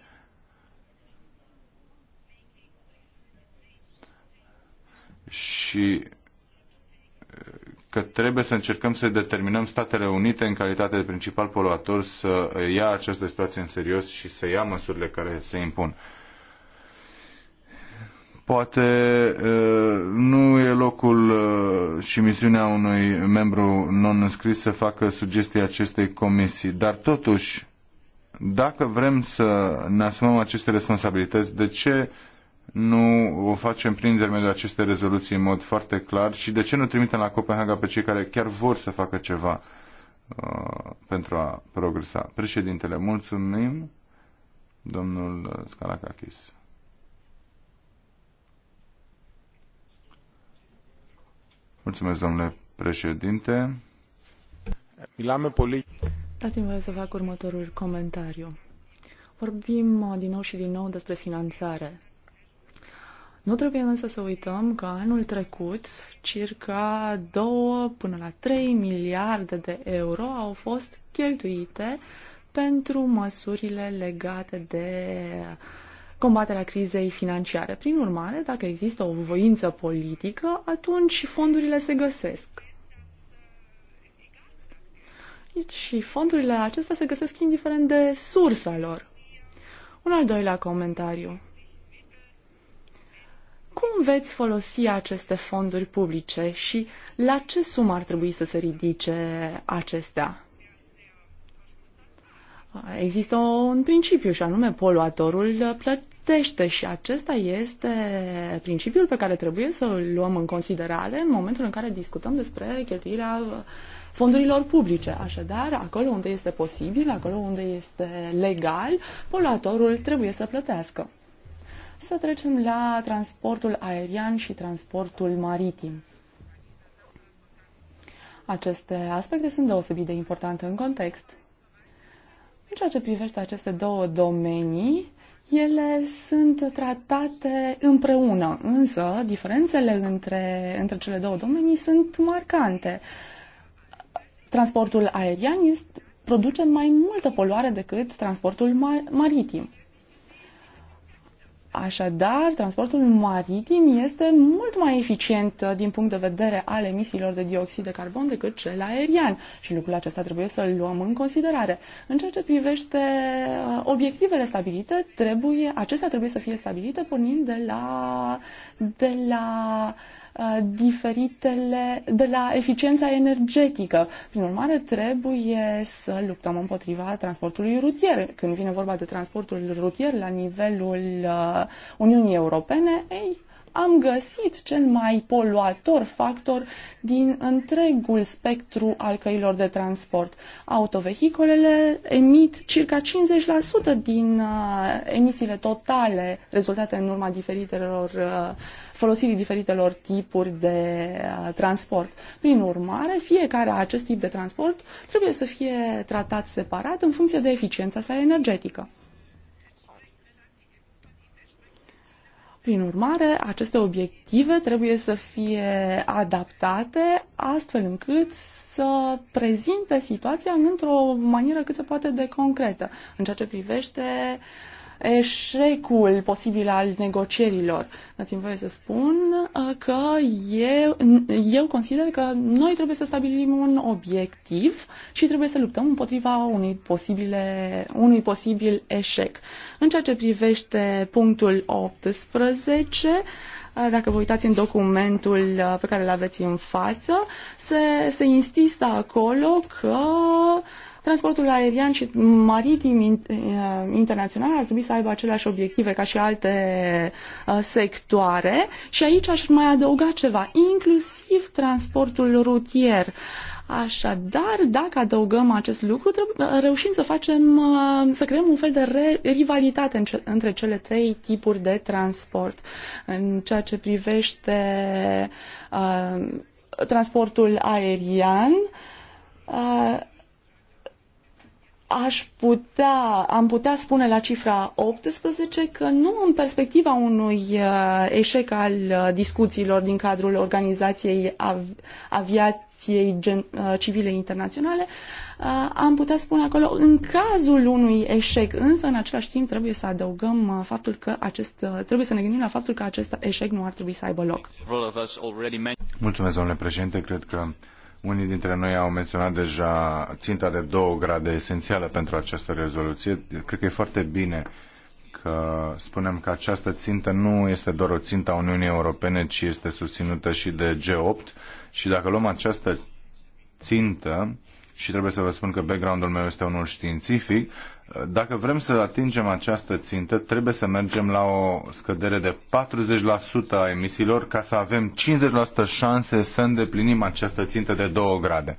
și că trebuie să încercăm să determinăm Statele Unite în calitate de principal poluator să ia această situație în serios și să ia măsurile care se impun poate nu e locul și misiunea unui membru non-înscris să facă sugestii acestei comisii, dar totuși, dacă vrem să ne asumăm aceste responsabilități, de ce nu o facem prin intermediul acestei rezoluții în mod foarte clar și de ce nu trimitem la Copenhaga pe cei care chiar vor să facă ceva uh, pentru a progresa? Președintele, mulțumim, domnul Scalacakis. Mulțumesc, domnule președinte. Dați-mi voie să fac următorul comentariu. Vorbim uh, din nou și din nou despre finanțare. Nu trebuie însă să uităm că anul trecut circa 2 până la 3 miliarde de euro au fost cheltuite pentru măsurile legate de uh, combaterea crizei financiare. Prin urmare, dacă există o voință politică, atunci fondurile se găsesc. Deci și fondurile acestea se găsesc indiferent de sursa lor. Un al doilea comentariu. Cum veți folosi aceste fonduri publice și la ce sumă ar trebui să se ridice acestea? Există un principiu și anume poluatorul plătește și acesta este principiul pe care trebuie să-l luăm în considerare în momentul în care discutăm despre cheltuirea fondurilor publice. Așadar, acolo unde este posibil, acolo unde este legal, poluatorul trebuie să plătească. Să trecem la transportul aerian și transportul maritim. Aceste aspecte sunt deosebit de importante în context. În ceea ce privește aceste două domenii, ele sunt tratate împreună, însă diferențele între, între cele două domenii sunt marcante. Transportul aerian este, produce mai multă poluare decât transportul mar- maritim. Așadar, transportul maritim este mult mai eficient uh, din punct de vedere al emisiilor de dioxid de carbon decât cel aerian și lucrul acesta trebuie să-l luăm în considerare. În ceea ce privește uh, obiectivele stabilite, trebuie, acestea trebuie să fie stabilite pornind de la, de la uh, Uh, diferitele, de la eficiența energetică. Prin urmare, trebuie să luptăm împotriva transportului rutier. Când vine vorba de transportul rutier la nivelul uh, Uniunii Europene, ei, am găsit cel mai poluator factor din întregul spectru al căilor de transport. Autovehicolele emit circa 50% din uh, emisiile totale rezultate în urma diferitelor uh, folosirii diferitelor tipuri de uh, transport. Prin urmare, fiecare acest tip de transport trebuie să fie tratat separat în funcție de eficiența sa energetică. Prin urmare, aceste obiective trebuie să fie adaptate astfel încât să prezinte situația într-o manieră cât se poate de concretă în ceea ce privește uh, eșecul posibil al negocierilor. Dați-mi voie să spun uh, că eu, eu consider că noi trebuie să stabilim un obiectiv și trebuie să luptăm împotriva unui, posibile, unui posibil eșec. În ceea ce privește punctul 18, uh, dacă vă uitați în documentul uh, pe care îl aveți în față, se, se insistă acolo că uh, Transportul aerian și maritim eh, internațional ar trebui să aibă aceleași obiective ca și alte eh, sectoare și aici aș mai adăuga ceva, inclusiv transportul rutier. Așadar, dacă adăugăm acest lucru, eh, reușim să facem, să creăm un fel de rivalitate între cele trei tipuri de transport. În ceea ce privește uh, transportul aerian, uh, aș putea, am putea spune la cifra 18 că nu în perspectiva unui uh, eșec al uh, discuțiilor din cadrul Organizației Aviației uh, Civile Internaționale, am putea spune acolo în cazul unui eșec, însă în același timp trebuie să adăugăm faptul că acest, trebuie să ne gândim la faptul că acest eșec nu ar trebui să aibă loc. Mulțumesc, domnule președinte, cred că unii dintre noi au menționat deja ținta de două grade esențială pentru această rezoluție. Cred că e foarte bine că spunem că această țintă nu este doar o țintă a Uniunii Europene, ci este susținută și de G8 și dacă luăm această țintă, și trebuie să vă spun că background-ul meu este unul științific, dacă vrem să atingem această țintă, trebuie să mergem la o scădere de 40% a emisiilor ca să avem 50% șanse să îndeplinim această țintă de 2 grade.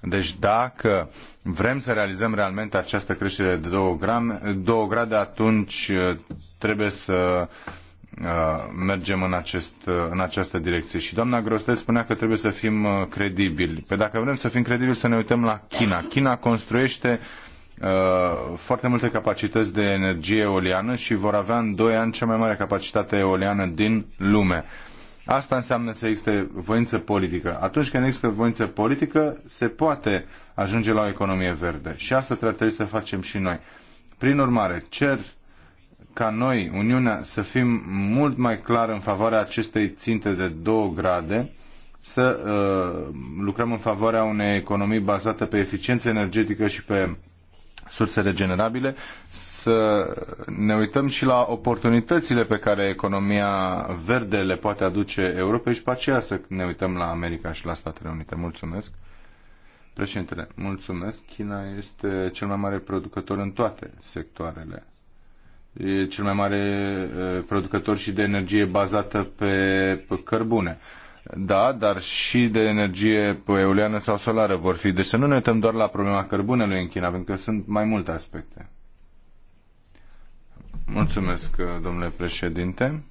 Deci dacă vrem să realizăm realmente această creștere de 2, grame, 2 grade, atunci uh, trebuie să uh, mergem în, acest, uh, în această direcție. Și doamna Grostet spunea că trebuie să fim credibili. Pe păi dacă vrem să fim credibili, să ne uităm la China. China construiește uh, Uh, foarte multe capacități de energie eoliană și vor avea în 2 ani cea mai mare capacitate eoliană din lume. Asta înseamnă să existe voință politică. Atunci când există voință politică, se poate ajunge la o economie verde. Și asta trebuie să facem și noi. Prin urmare, cer ca noi, Uniunea, să fim mult mai clar în favoarea acestei ținte de 2 grade, să uh, lucrăm în favoarea unei economii bazate pe eficiență energetică și pe surse regenerabile, să ne uităm și la oportunitățile pe care economia verde le poate aduce Europei și pe aceea să ne uităm la America și la Statele Unite. Mulțumesc. Președintele, mulțumesc. China este cel mai mare producător în toate sectoarele. E cel mai mare producător și de energie bazată pe, pe cărbune da, dar și de energie eoliană sau solară vor fi. Deci să nu ne uităm doar la problema cărbunelui în China, pentru că sunt mai multe aspecte. Mulțumesc, domnule președinte.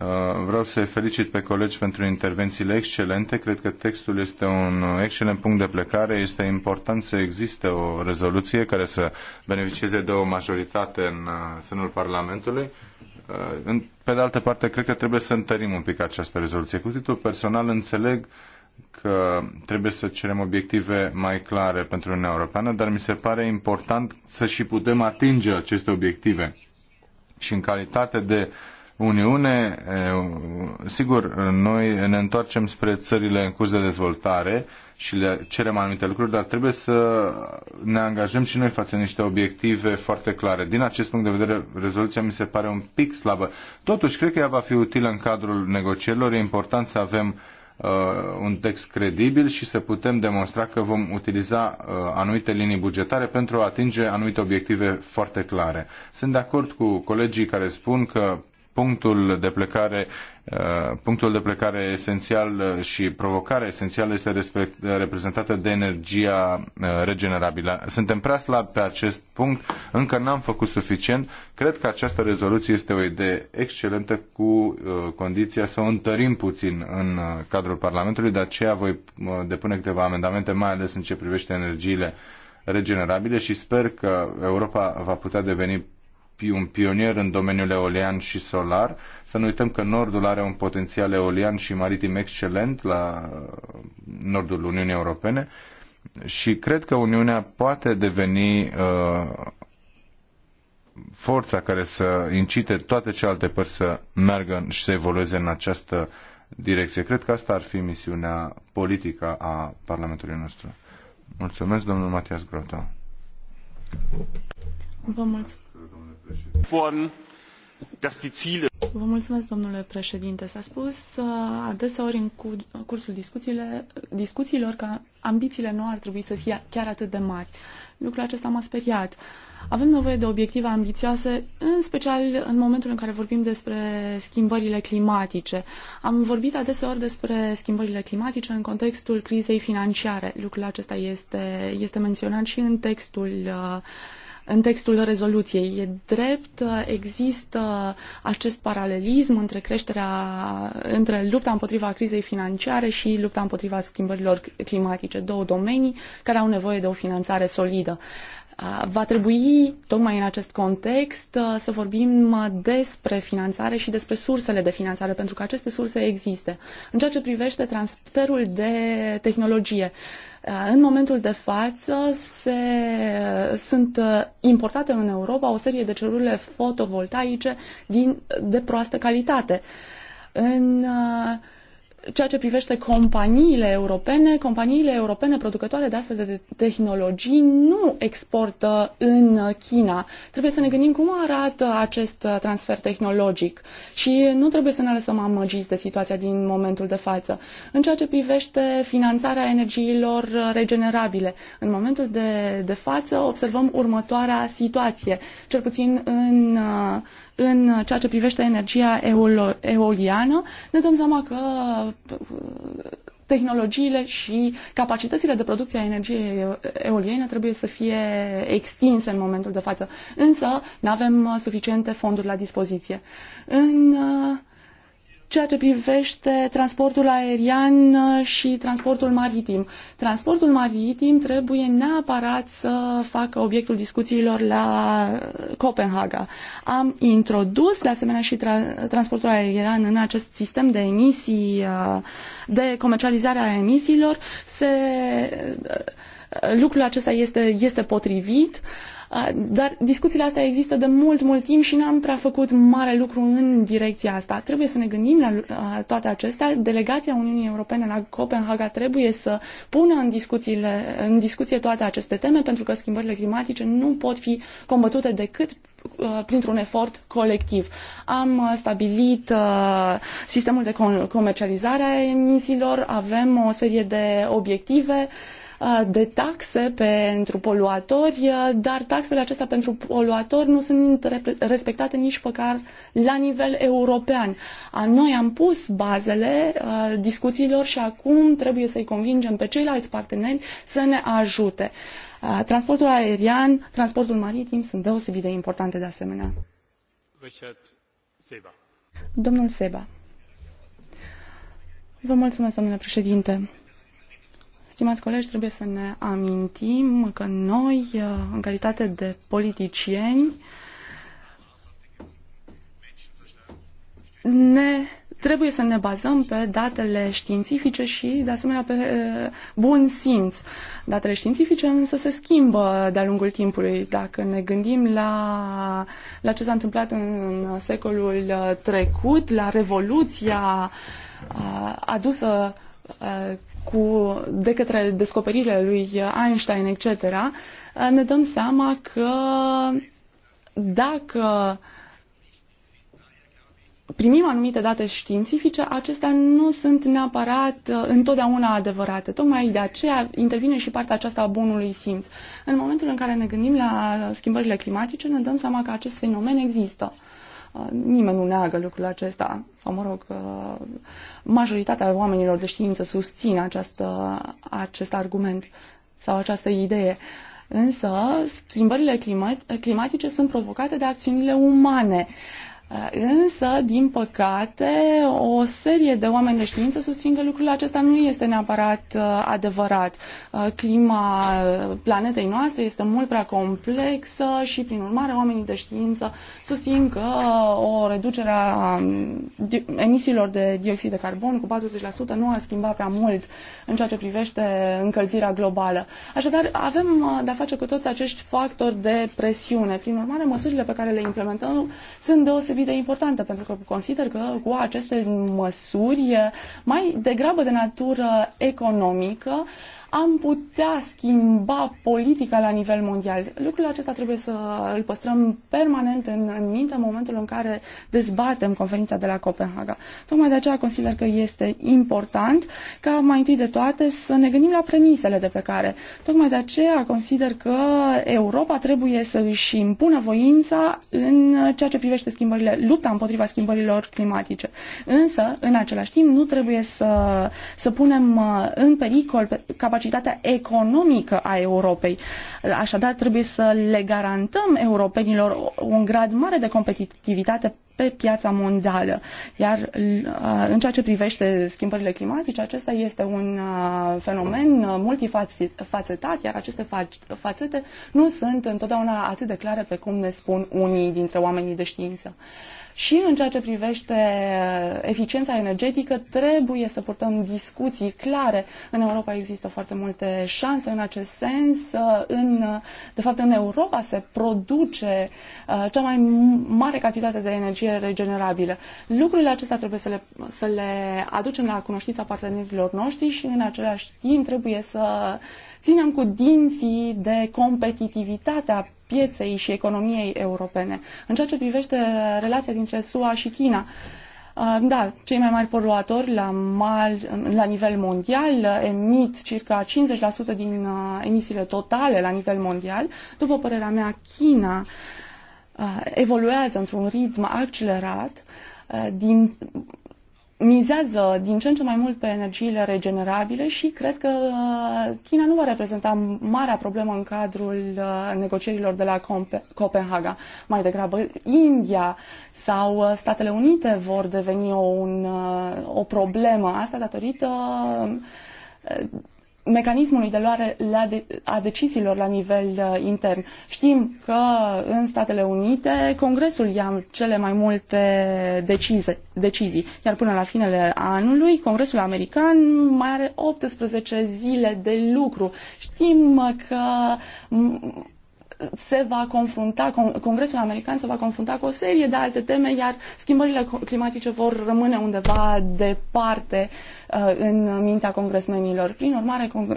Uh, vreau să-i felicit pe colegi pentru intervențiile excelente. Cred că textul este un excelent punct de plecare. Este important să existe o rezoluție care să beneficieze de o majoritate în uh, sânul Parlamentului Uh, pe de altă parte, cred că trebuie să întărim un pic această rezoluție. Cu titlul personal înțeleg că trebuie să cerem obiective mai clare pentru Uniunea Europeană, dar mi se pare important să și putem atinge aceste obiective. Și în calitate de Uniune, eh, sigur, noi ne întoarcem spre țările în curs de dezvoltare și le cerem anumite lucruri, dar trebuie să ne angajăm și noi față niște obiective foarte clare. Din acest punct de vedere, rezoluția mi se pare un pic slabă. Totuși, cred că ea va fi utilă în cadrul negocierilor. E important să avem uh, un text credibil și să putem demonstra că vom utiliza uh, anumite linii bugetare pentru a atinge anumite obiective foarte clare. Sunt de acord cu colegii care spun că punctul de plecare uh, punctul de plecare esențial și provocarea esențială este respect, reprezentată de energia uh, regenerabilă. Suntem prea slabi pe acest punct, încă n-am făcut suficient. Cred că această rezoluție este o idee excelentă cu uh, condiția să o întărim puțin în cadrul Parlamentului, de aceea voi depune câteva amendamente, mai ales în ce privește energiile regenerabile și sper că Europa va putea deveni un pionier în domeniul eolian și solar. Să nu uităm că Nordul are un potențial eolian și maritim excelent la uh, Nordul Uniunii Europene și cred că Uniunea poate deveni uh, forța care să incite toate celelalte părți să meargă și să evolueze în această direcție. Cred că asta ar fi misiunea politică a Parlamentului nostru. Mulțumesc, domnul Matias Grota. Vă mulțumesc. Vă mulțumesc, domnule președinte. S-a spus uh, adeseori în cursul discuțiilor că ambițiile nu ar trebui să fie chiar atât de mari. Lucrul acesta m-a speriat. Avem nevoie de obiective ambițioase, în special în momentul în care vorbim despre schimbările climatice. Am vorbit adeseori despre schimbările climatice în contextul crizei financiare. Lucrul acesta este, este menționat și în textul uh, în textul rezoluției. E drept, există acest paralelism între creșterea, între lupta împotriva crizei financiare și lupta împotriva schimbărilor climatice, două domenii care au nevoie de o finanțare solidă. Va trebui, tocmai în acest context, să vorbim despre finanțare și despre sursele de finanțare, pentru că aceste surse există. În ceea ce privește transferul de tehnologie, Eh, în momentul de față se, sunt eh, importate în Europa o serie de celule fotovoltaice din, de proastă calitate. În uh, ceea ce privește companiile europene, companiile europene producătoare de astfel de tehnologii nu exportă în China. Trebuie să ne gândim cum arată acest transfer tehnologic și nu trebuie să ne lăsăm amăgiți de situația din momentul de față. În ceea ce privește finanțarea energiilor regenerabile, în momentul de, de față observăm următoarea situație, cel puțin în în ceea ce privește energia eoliană, ne dăm seama că uh, tehnologiile și capacitățile de producție a energiei eoliene trebuie să fie extinse în momentul de față. Însă, nu avem uh, suficiente fonduri la dispoziție. În uh, ceea ce privește transportul aerian și transportul maritim. Transportul maritim trebuie neapărat să facă obiectul discuțiilor la Copenhaga. Am introdus de asemenea și tra- transportul aerian în acest sistem de emisii, uh, de comercializare a emisiilor. Se, uh, lucrul acesta este, este potrivit. Uh, dar discuțiile astea există de mult, mult timp și n-am prea făcut mare lucru în direcția asta. Trebuie să ne gândim la toate acestea. Delegația Uniunii Europene la Copenhaga trebuie să pună în, discuțiile, în discuție toate aceste teme, pentru că schimbările climatice nu pot fi combătute decât printr-un efort colectiv. Am stabilit sistemul de comercializare a emisiilor, avem o serie de obiective Uh, de taxe pentru poluatori, uh, dar taxele acestea pentru poluatori nu sunt respectate nici măcar la nivel european. Noi am pus bazele uh, discuțiilor și acum trebuie să-i convingem pe ceilalți parteneri să ne ajute. Transportul aerian, transportul maritim sunt deosebit de importante de asemenea. Domnul Seba. Vă mulțumesc, domnule președinte. Stimați colegi, trebuie să ne amintim că noi, uh, în calitate de politicieni, ne trebuie să ne bazăm pe datele științifice și, de asemenea, pe uh, bun simț. Datele științifice însă se schimbă de-a lungul timpului. Dacă ne gândim la, la ce s-a întâmplat în secolul uh, trecut, la revoluția adusă cu, de către descoperirile lui Einstein, etc., ne dăm seama că dacă primim anumite date științifice, acestea nu sunt neapărat uh, întotdeauna adevărate. Tocmai de aceea intervine și partea aceasta a bunului simț. În momentul în care ne gândim la schimbările climatice, ne dăm seama că acest fenomen există. Nimeni nu neagă lucrul acesta, sau mă rog, uh, majoritatea oamenilor de știință susțin această, acest argument sau această idee. Însă, schimbările climatice sunt provocate de acțiunile umane. Uh, Eh, însă, din păcate, o serie de oameni de știință susțin că lucrul acesta nu este neapărat eh, adevărat. Eh, clima planetei noastre este mult prea complexă și, prin urmare, oamenii de știință susțin că o reducere a mm, emisiilor de dioxid de carbon cu 40% nu a schimbat prea mult în ceea ce privește încălzirea globală. Așadar, avem de-a face cu toți acești factori de presiune. Prin urmare, măsurile pe care le implementăm sunt deosebit deosebit de importantă, pentru că consider că cu aceste măsuri mai degrabă de natură economică am putea schimba politica la nivel mondial. Lucrul acesta trebuie să îl păstrăm permanent în, în minte în momentul în care dezbatem conferința de la Copenhaga. Tocmai de aceea consider că este important ca mai întâi de toate să ne gândim la premisele de pe care. Tocmai de aceea consider că Europa trebuie să își impună voința în ceea ce privește schimbările, lupta împotriva schimbărilor climatice. Însă, în același timp, nu trebuie să, să punem uh, în pericol capacitatea capacitatea economică a Europei. Așadar, trebuie să le garantăm europenilor un grad mare de competitivitate pe piața mondială. Iar uh, în ceea ce privește schimbările climatice, acesta este un uh, fenomen multifacetat, iar aceste fațete nu sunt întotdeauna atât de clare pe cum ne spun unii dintre oamenii de știință. Și în ceea ce privește uh, eficiența energetică, trebuie să purtăm discuții clare. În Europa există foarte multe șanse în acest sens. Uh, în, uh, de fapt, în Europa se produce cea mai mare cantitate de energie regenerabilă. Lucrurile acestea trebuie să le, să le aducem la cunoștința partenerilor noștri și în același timp trebuie să ținem cu dinții de competitivitatea pieței și economiei europene. În ceea ce privește relația dintre SUA și China, uh, da, cei mai mari poluatori la, mal, la nivel mondial uh, emit circa 50% din uh, emisiile totale la nivel mondial. După părerea mea, China evoluează într-un ritm accelerat din mizează din ce în ce mai mult pe energiile regenerabile și cred că uh, China nu va reprezenta marea problemă în cadrul uh, negocierilor de la Copenhaga. Mai degrabă India sau uh, Statele Unite vor deveni o, un, o problemă. Asta datorită mecanismului de luare a deciziilor la nivel uh, intern. Știm că în Statele Unite Congresul ia cele mai multe decize, decizii, iar până la finele anului Congresul American mai are 18 zile de lucru. Știm uh, că se va confrunta, Congresul American se va confrunta cu o serie de alte teme, iar schimbările climatice vor rămâne undeva departe uh, Uh, în mintea congresmenilor. Prin urmare, uh,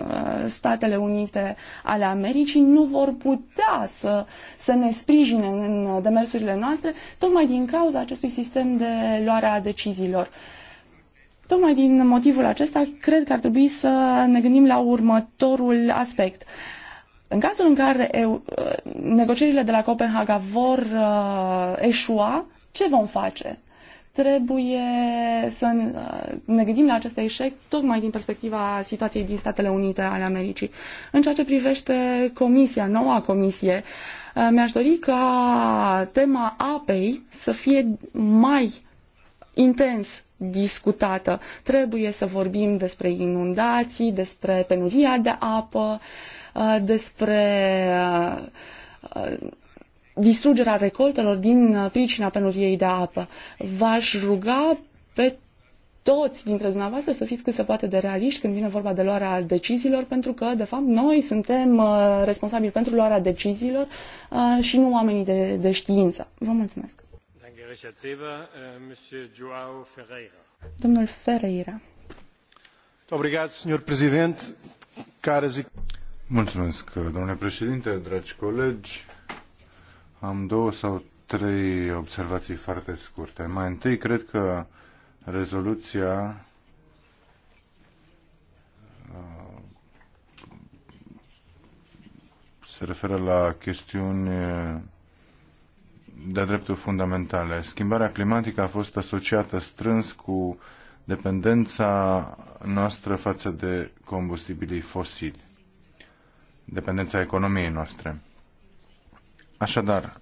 Statele Unite ale Americii nu vor putea să, să ne sprijine în demersurile noastre, tocmai din cauza acestui sistem de luare a deciziilor. Tocmai din motivul acesta, cred că ar trebui să ne gândim la următorul aspect. În cazul în care eu, uh, negocierile de la Copenhaga vor uh, eșua, ce vom face? Trebuie să ne gândim la acest eșec tocmai din perspectiva situației din Statele Unite ale Americii. În ceea ce privește comisia, noua comisie, uh, mi-aș dori ca tema apei să fie mai intens discutată. Trebuie să vorbim despre inundații, despre penuria de apă, uh, despre uh, distrugerea recoltelor din uh, pricina penuriei de apă. V-aș ruga pe toți dintre dumneavoastră să fiți cât se poate de realiști când vine vorba de luarea deciziilor, pentru că, de fapt, noi suntem uh, responsabili pentru luarea deciziilor uh, și nu oamenii de, de știință. Vă mulțumesc. Domnul Ferreira. Mulțumesc, domnule președinte, dragi colegi. Am două sau trei observații foarte scurte. Mai întâi, cred că rezoluția uh, se referă la chestiuni de dreptul fundamentale. Schimbarea climatică a fost asociată strâns cu dependența noastră față de combustibilii fosili, dependența economiei noastre. Așadar,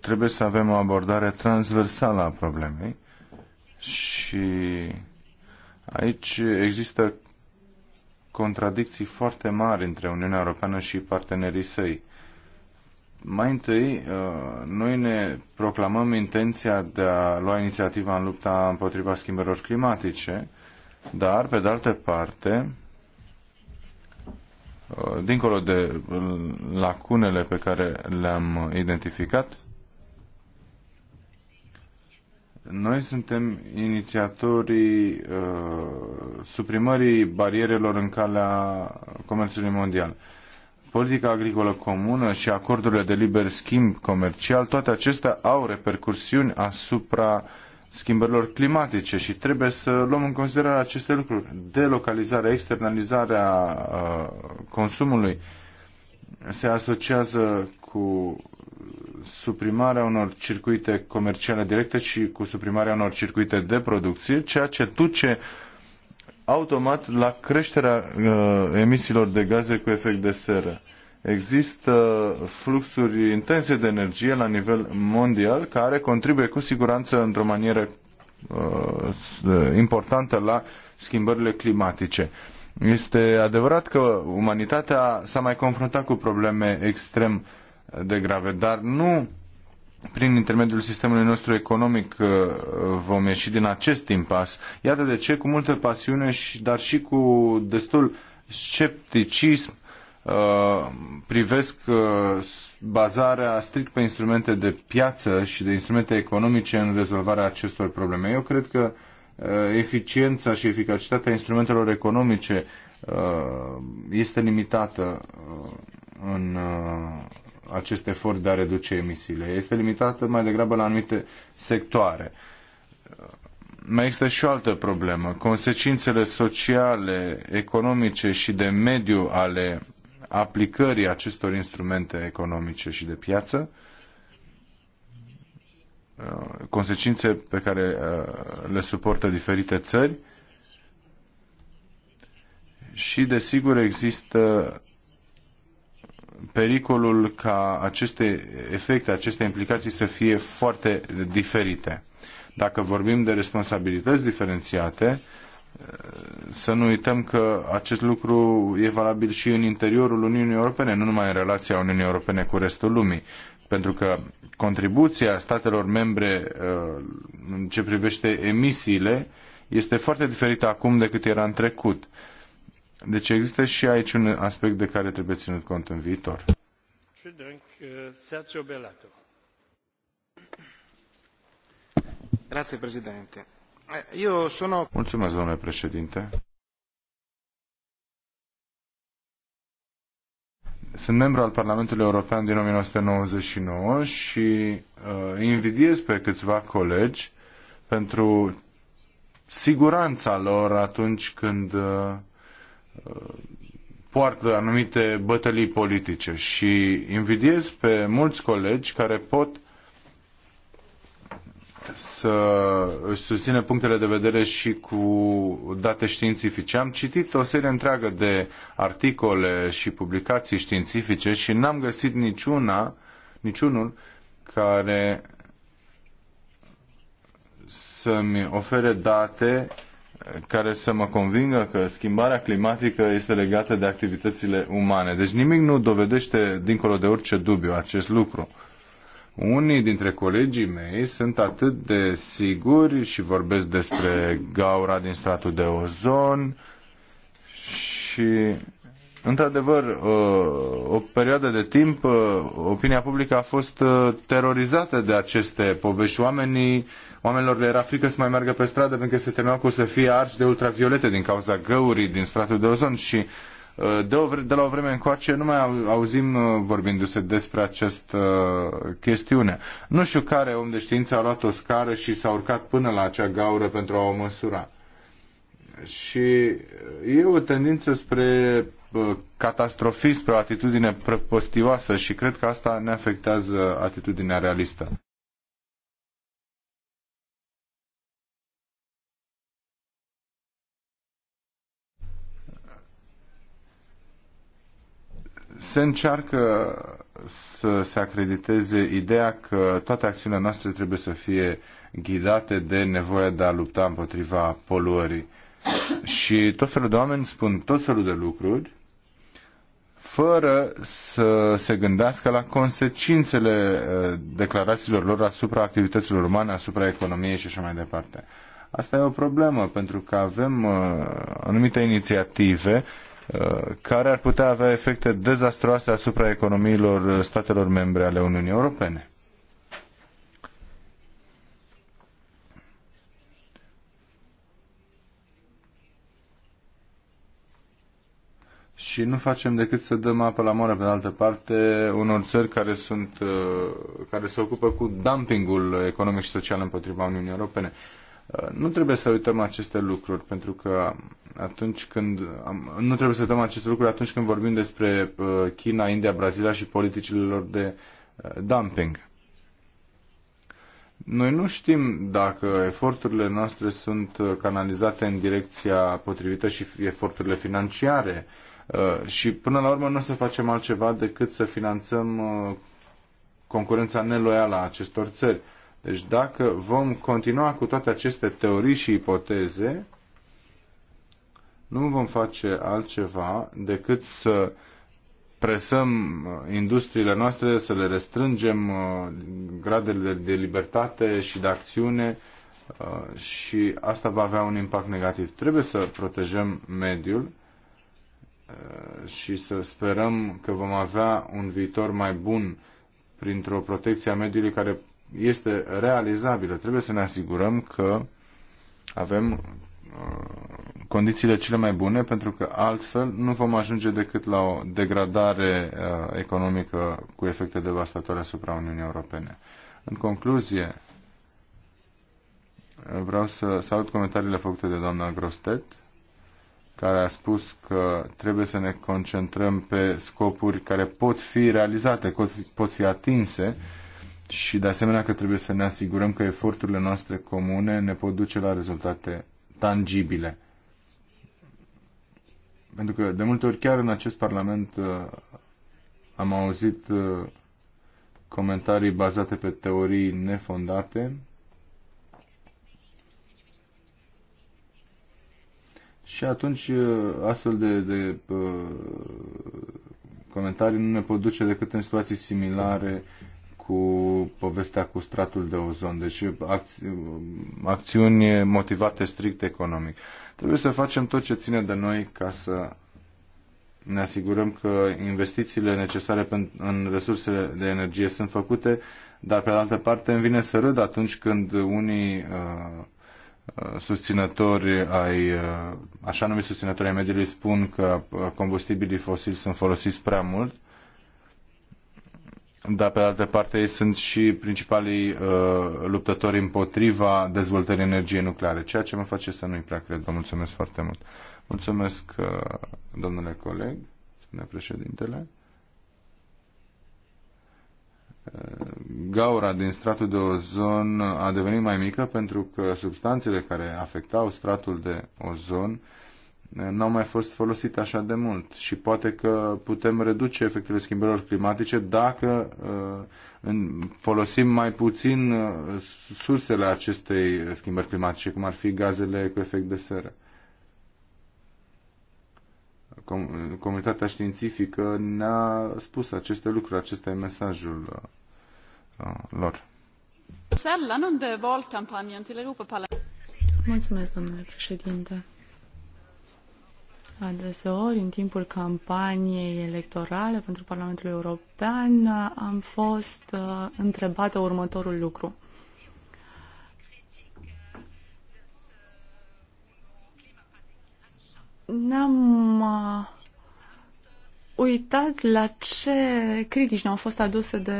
trebuie să avem o abordare transversală a problemei și aici există contradicții foarte mari între Uniunea Europeană și partenerii săi. Mai întâi, uh, noi ne proclamăm intenția de a lua inițiativa în lupta împotriva schimbărilor climatice, dar, pe de altă parte, Uh, dincolo de lacunele pe care le-am identificat, noi suntem inițiatorii uh, suprimării barierelor în calea comerțului mondial. Politica agricolă comună și acordurile de liber schimb comercial, toate acestea au repercursiuni asupra uh, schimbărilor climatice și trebuie să luăm în considerare aceste lucruri. Delocalizarea, externalizarea uh, consumului se asociază cu suprimarea unor circuite comerciale directe și cu suprimarea unor circuite de producție, ceea ce duce automat la creșterea uh, emisiilor de gaze cu efect de seră există fluxuri intense de energie la nivel mondial care contribuie cu siguranță într-o manieră uh, importantă la schimbările climatice. Este adevărat că umanitatea s-a mai confruntat cu probleme extrem de grave, dar nu prin intermediul sistemului nostru economic uh, vom ieși din acest impas. Iată de ce, cu multă pasiune, și, dar și cu destul scepticism, Uh, privesc uh, bazarea strict pe instrumente de piață și de instrumente economice în rezolvarea acestor probleme. Eu cred că uh, eficiența și eficacitatea instrumentelor economice este limitată în acest efort de a reduce emisiile. Este limitată mai degrabă la anumite sectoare. Mai există și o altă problemă. Consecințele sociale, economice și de mediu ale aplicării acestor instrumente economice și de piață, uh, consecințe pe care uh, le suportă diferite țări și, desigur, există pericolul ca aceste efecte, aceste implicații să fie foarte diferite. Dacă vorbim de responsabilități diferențiate, să nu uităm că acest lucru e valabil și în interiorul Uniunii Europene, nu numai în relația Uniunii Europene cu restul lumii. Pentru că contribuția statelor membre uh, în ce privește emisiile este foarte diferită acum decât era în trecut. Deci există și aici un aspect de care trebuie ținut cont în viitor. Grazie, Presidente Eh, eu sună... Mulțumesc, domnule președinte. Sunt membru al Parlamentului European din 1999 și uh, invidiez pe câțiva colegi pentru siguranța lor atunci când uh, uh poartă anumite bătălii politice și invidiez pe mulți colegi care pot să își susține punctele de vedere și cu date științifice. Am citit o serie întreagă de articole și publicații științifice și n-am găsit niciuna, niciunul care să-mi ofere date care să mă convingă că schimbarea climatică este legată de activitățile umane. Deci nimic nu dovedește, dincolo de orice dubiu, acest lucru. Unii dintre colegii mei sunt atât de siguri și vorbesc despre gaura din stratul de ozon și Într-adevăr, uh, o perioadă de timp, uh, opinia publică a fost uh, terorizată de aceste povești. Oamenii, oamenilor le era frică să mai meargă pe stradă pentru că se temeau că o să fie arși de ultraviolete din cauza găurii din stratul de ozon și Uh, de, o, de la o vreme încoace nu mai auzim uh, vorbindu-se despre această uh, chestiune. Nu știu care om de știință a luat o scară și s-a urcat până la acea gaură pentru a o măsura. Și e o tendință spre catastrofism, spre o atitudine prăpostioasă și cred că asta ne afectează atitudinea realistă. se încearcă să se acrediteze ideea că toate acțiunile noastre trebuie să fie ghidate de nevoia de a lupta împotriva poluării. Și tot felul de oameni spun tot felul de lucruri fără să se gândească la consecințele uh, declarațiilor lor asupra activităților umane, asupra economiei și așa mai departe. Asta e o problemă, pentru că avem uh, anumite inițiative Uh, care ar putea avea efecte dezastroase asupra economiilor statelor membre ale Uniunii Europene. și nu facem decât să dăm apă la moare pe de altă parte unor țări care, sunt, uh, care se ocupă cu dumpingul economic și social împotriva Uniunii Europene. Uh, nu trebuie să uităm aceste lucruri, pentru că atunci când am, nu trebuie să uităm aceste lucruri atunci când vorbim despre uh, China, India, Brazilia și politicile lor de uh, dumping. Noi nu știm dacă eforturile noastre sunt canalizate în direcția potrivită și eforturile financiare și până la urmă nu să facem altceva decât să finanțăm concurența neloială a acestor țări. Deci dacă vom continua cu toate aceste teorii și ipoteze, nu vom face altceva decât să presăm uh, industriile noastre, să le restrângem uh, gradele de libertate și de acțiune uh, și asta va avea un impact negativ. Trebuie să protejăm mediul și să sperăm că vom avea un viitor mai bun printr-o protecție a mediului care este realizabilă. Trebuie să ne asigurăm că avem uh, condițiile cele mai bune, pentru că altfel nu vom ajunge decât la o degradare uh, economică cu efecte devastatoare asupra Uniunii Europene. În concluzie, vreau să salut comentariile făcute de doamna Grostet, care a spus că trebuie să ne concentrăm pe scopuri care pot fi realizate, pot fi, pot fi atinse și de asemenea că trebuie să ne asigurăm că eforturile noastre comune ne pot duce la rezultate tangibile. Pentru că de multe ori chiar în acest Parlament uh, am auzit uh, comentarii bazate pe teorii nefondate și atunci uh, astfel de, de comentarii nu ne pot duce decât în situații similare uh, cu povestea cu stratul de ozon, deci acți- acțiuni motivate strict economic. Trebuie să facem tot ce ține de noi ca să ne asigurăm că investițiile necesare în resursele de energie sunt făcute, dar pe de altă parte îmi vine să râd atunci când unii uh, uh susținători ai, uh, așa numiți susținători ai mediului spun că uh, combustibilii fosili sunt folosiți prea mult dar pe de altă parte ei sunt și principalii uh, luptători împotriva dezvoltării energiei nucleare, ceea ce mă face să nu-i prea cred. Vă mulțumesc foarte mult. Mulțumesc, uh, domnule coleg, domnule președintele. Uh, gaura din stratul de ozon a devenit mai mică pentru că substanțele care afectau stratul de ozon uh, n-au mai fost folosite așa de mult și poate că putem reduce efectele schimbărilor climatice dacă uh, folosim mai puțin uh, sursele acestei schimbări climatice, cum ar fi gazele cu efect de seră. Com- comunitatea științifică ne-a spus aceste lucruri, acesta e mesajul uh, lor. Mulțumesc, domnule președinte. Adeseori, în timpul campaniei electorale pentru Parlamentul European, am fost uh, întrebată următorul lucru. Ne-am uh, uitat la ce critici ne-au fost aduse de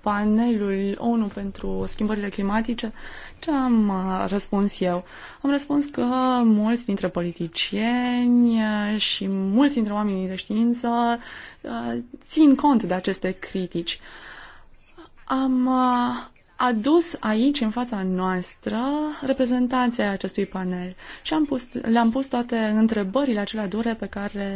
panelul ONU pentru schimbările climatice, ce am uh, răspuns eu? Am răspuns că mulți dintre politicieni uh, și mulți dintre oamenii de știință uh, țin cont de aceste critici. Am adus aici, în fața noastră, reprezentanții acestui panel și am pus, le-am pus toate întrebările acelea dure pe care,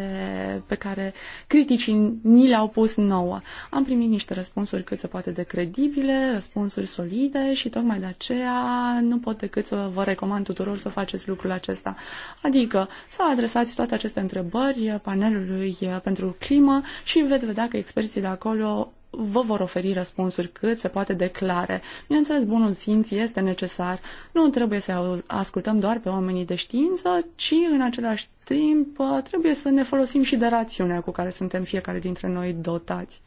pe care criticii ni le-au pus nouă. Am primit niște răspunsuri cât se poate de credibile, răspunsuri solide și tocmai de aceea nu pot decât să vă recomand tuturor să faceți lucrul acesta. Adică să adresați toate aceste întrebări panelului pentru climă și veți vedea că experții de acolo vă vor oferi răspunsuri cât se poate de clare. Bineînțeles, bunul simț este necesar. Nu trebuie să ascultăm doar pe oamenii de știință, ci în același timp uh, trebuie să ne folosim și de rațiunea cu care suntem fiecare dintre noi dotați.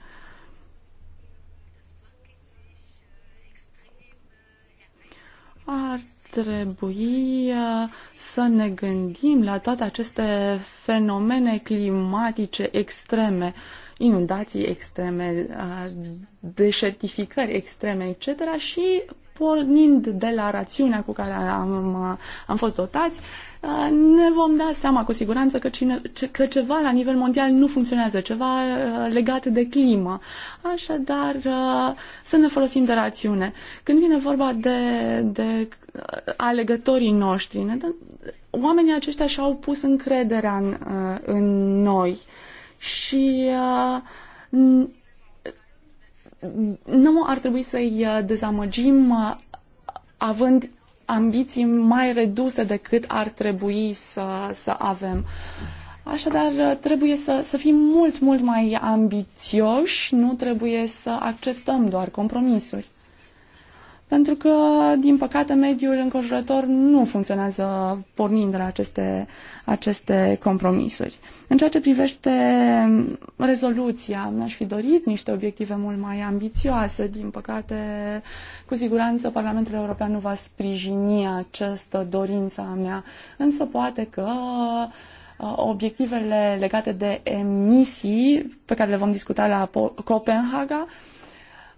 Ar trebui uh, să ne gândim la toate aceste fenomene climatice extreme. Uh, inundații extreme, deșertificări extreme, etc. și pornind de la rațiunea cu care am, am fost dotați, ne vom da seama cu siguranță că, cine, că ceva la nivel mondial nu funcționează, ceva legat de climă. Așadar, să ne folosim de rațiune. Când vine vorba de, de alegătorii noștri, ne dă, oamenii aceștia și-au pus încrederea în, în noi. Uh, și uh, nu ar trebui să-i uh, dezamăgim uh, având ambiții mai reduse decât ar trebui să, să avem. Așadar, trebuie să, să fim mult, mult mai ambițioși, nu trebuie să acceptăm doar compromisuri pentru că, din păcate, mediul înconjurător nu funcționează pornind de la aceste, aceste compromisuri. În ceea ce privește rezoluția, mi-aș fi dorit niște obiective mult mai ambițioase. Din păcate, cu siguranță, Parlamentul European nu va sprijini această dorință a mea, însă poate că uh, obiectivele legate de emisii pe care le vom discuta la Copenhaga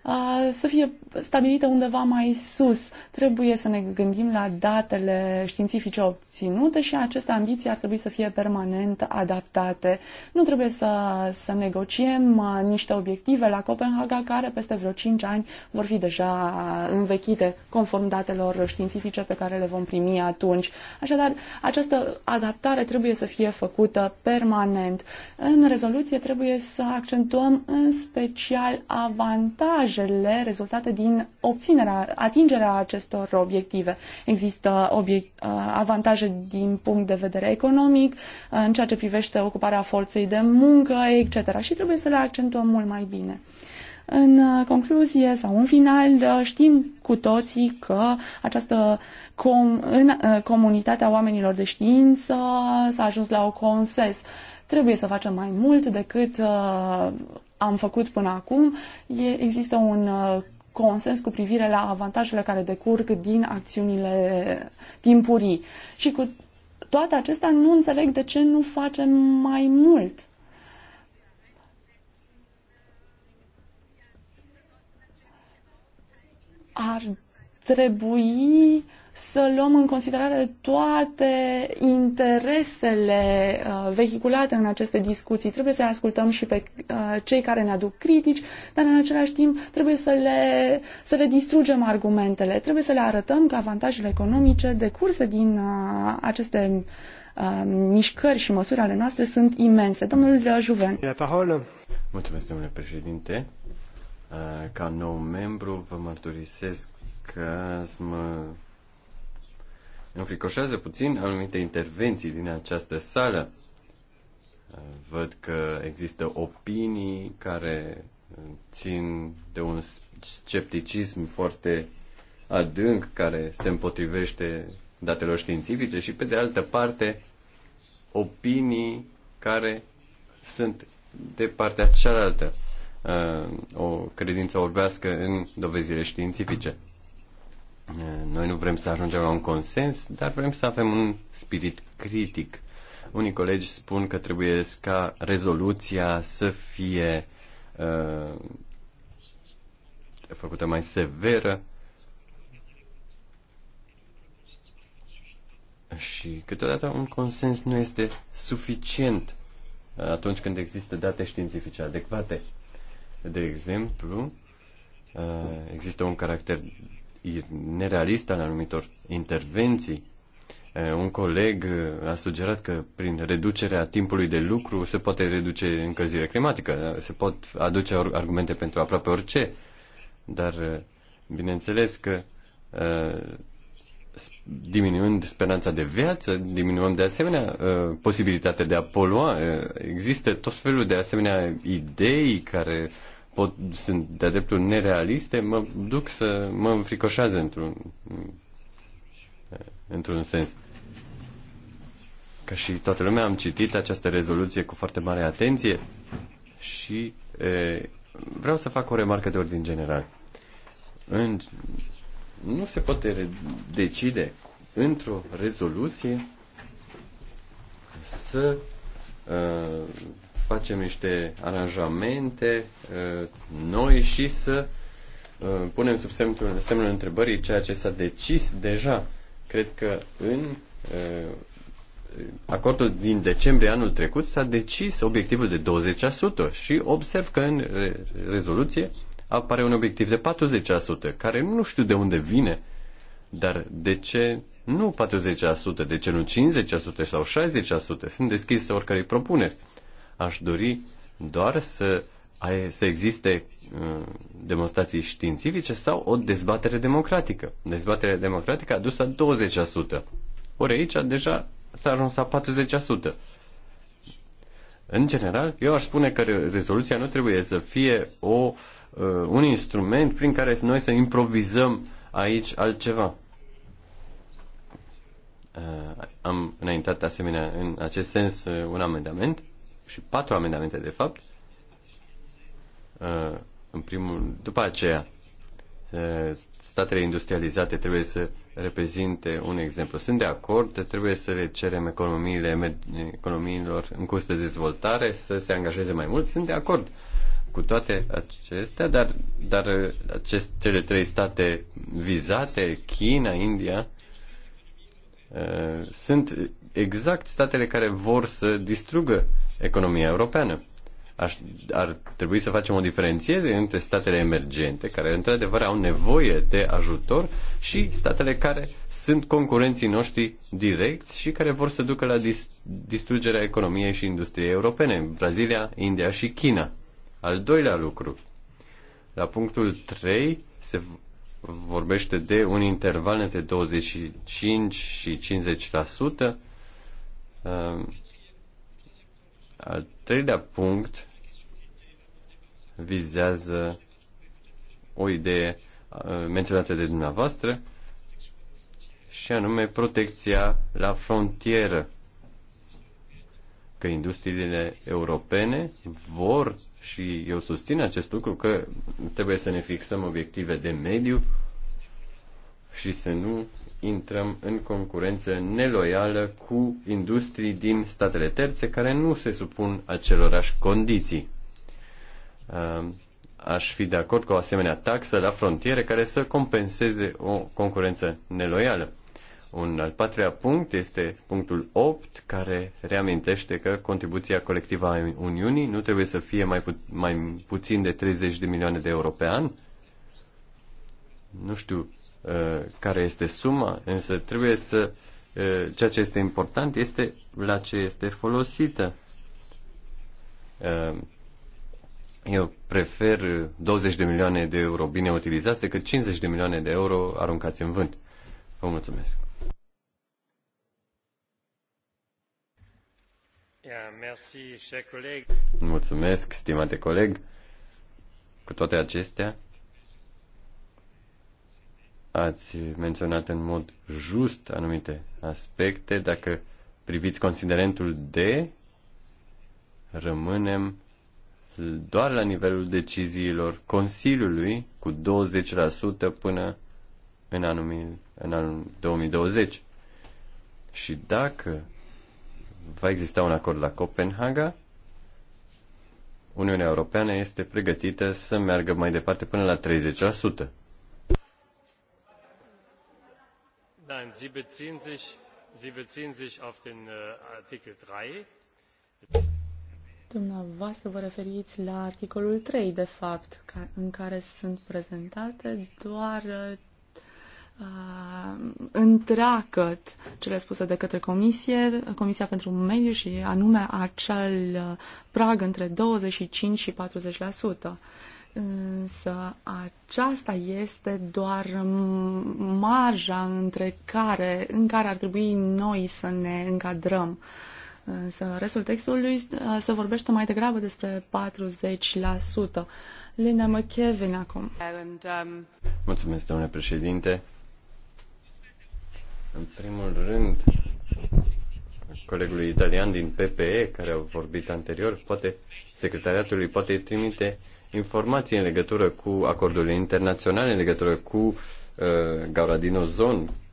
uh, să fie stabilită undeva mai sus. Trebuie să ne gândim la datele științifice obținute și aceste ambiții ar trebui să fie permanent adaptate. Nu trebuie să, să negociem uh, niște obiective la Copenhaga care peste vreo 5 ani vor fi deja învechite conform datelor științifice pe care le vom primi atunci. Așadar, această adaptare trebuie să fie făcută permanent. În rezoluție trebuie să accentuăm în special avantajele rezultate din din obținerea, atingerea acestor obiective. Există obiect, uh, avantaje din punct de vedere economic, uh, în ceea ce privește ocuparea forței de muncă, etc. Și trebuie să le accentuăm mult mai bine. În uh, concluzie sau în final, știm cu toții că această com- în comunitatea oamenilor de știință s-a ajuns la o consens. Trebuie să facem mai mult decât am făcut până acum. E, există un consens cu privire la avantajele care decurg din acțiunile timpurii. Și cu toate acestea nu înțeleg de ce nu facem mai mult. Ar trebui uh, să luăm în considerare toate interesele uh, vehiculate în aceste discuții. Trebuie să ascultăm și pe uh, cei care ne aduc critici, dar în același timp trebuie să le, să le distrugem argumentele. Trebuie să le arătăm că avantajele economice decurse din uh, aceste mișcări și măsuri ale noastre sunt imense. Domnul Juven. La Mulțumesc, domnule președinte. Ca nou membru, vă mărturisesc că mă înfricoșează puțin anumite intervenții din această sală. Văd că există opinii care țin de un scepticism foarte adânc care se împotrivește datelor științifice și pe de altă parte opinii care sunt de partea cealaltă uh, o credință orbească în dovezile științifice. Noi nu vrem să ajungem la un consens, dar vrem să avem un spirit critic. Unii colegi spun că trebuie ca rezoluția să fie uh, făcută mai severă și câteodată un consens nu este suficient uh, atunci când există date științifice adecvate. De exemplu, uh, există un caracter nerealist al anumitor intervenții. Un coleg a sugerat că prin reducerea timpului de lucru se poate reduce încălzirea climatică, se pot aduce argumente pentru aproape orice, dar bineînțeles că diminuând speranța de viață, diminuăm de asemenea posibilitatea de a polua. Există tot felul de asemenea idei care pot, sunt de-a dreptul nerealiste, mă duc să mă înfricoșează într-un într-un sens. Ca și toată lumea am citit această rezoluție cu foarte mare atenție și e, vreau să fac o remarcă de ordin general. În, nu se poate decide într-o rezoluție să uh, facem niște aranjamente uh, noi și să uh, punem sub semnul, semnul întrebării ceea ce s-a decis deja. Cred că în uh, acordul din decembrie anul trecut s-a decis obiectivul de 20% și observ că în rezoluție apare un obiectiv de 40%, care nu știu de unde vine, dar de ce nu 40%, de ce nu 50% sau 60%? Sunt deschis oricărei propuneri. Aș dori doar să, să existe uh, demonstrații științifice sau o dezbatere democratică. Dezbaterea democratică a dus la 20%. Ori aici deja s-a ajuns la 40%. În general, eu aș spune că rezoluția nu trebuie să fie o, uh, un instrument prin care noi să improvizăm aici altceva. Uh, am înaintat asemenea în acest sens un amendament și patru amendamente, de fapt. Uh, în primul, după aceea, uh, statele industrializate trebuie să reprezinte un exemplu. Sunt de acord, trebuie să le cerem economiile, economiilor în curs de dezvoltare să se angajeze mai mult. Sunt de acord cu toate acestea, dar, dar acest, cele trei state vizate, China, India, uh, sunt exact statele care vor să distrugă uh, economia europeană. Aș, ar trebui să facem o diferențiere între statele emergente, care într-adevăr au nevoie de ajutor, și statele care sunt concurenții noștri direcți și care vor să ducă la dis- distrugerea economiei și industriei europene, Brazilia, India și China. Al doilea lucru, la punctul 3 se vorbește de un interval între 25 și 50%. Uh, al treilea punct vizează o idee uh, menționată de dumneavoastră și anume protecția la frontieră. Că industriile europene vor și eu susțin acest lucru că trebuie să ne fixăm obiective de mediu și să nu intrăm în concurență neloială cu industrii din statele terțe care nu se supun acelorași condiții. Aș fi de acord cu o asemenea taxă la frontiere care să compenseze o concurență neloială. Un al patrulea punct este punctul 8, care reamintește că contribuția colectivă a Uniunii nu trebuie să fie mai, pu- mai puțin de 30 de milioane de euro pe an. Nu știu Uh, care este suma, însă trebuie să uh, ceea ce este important este la ce este folosită. Uh, eu prefer 20 de milioane de euro bine utilizați decât 50 de milioane de euro aruncați în vânt. Vă mulțumesc. Mulțumesc, stimate coleg. Cu toate acestea, Ați menționat în mod just anumite aspecte. Dacă priviți considerentul D, rămânem doar la nivelul deciziilor Consiliului cu 20% până în, anumil, în anul 2020. Și dacă va exista un acord la Copenhaga, Uniunea Europeană este pregătită să meargă mai departe până la 30%. nein sie beziehen sich, sie beziehen sich auf den äh, artikel 3 Dumneavoastră vă referiți la articolul 3, de fapt, ca, în care sunt prezentate doar uh, întreagăt cele spuse de către Comisie, Comisia pentru Mediu și anume acel uh, prag între 25 și 40%. Însă aceasta este doar marja între care, în care ar trebui noi să ne încadrăm. Însă restul textului uh, se vorbește mai degrabă despre 40%. Lina McKevin acum. Um, Mulțumesc, domnule președinte. În primul rând, colegului italian din PPE, care a vorbit anterior, poate secretariatul îi poate trimite uh, informații în legătură cu acordurile internaționale, în legătură cu uh, Gauradino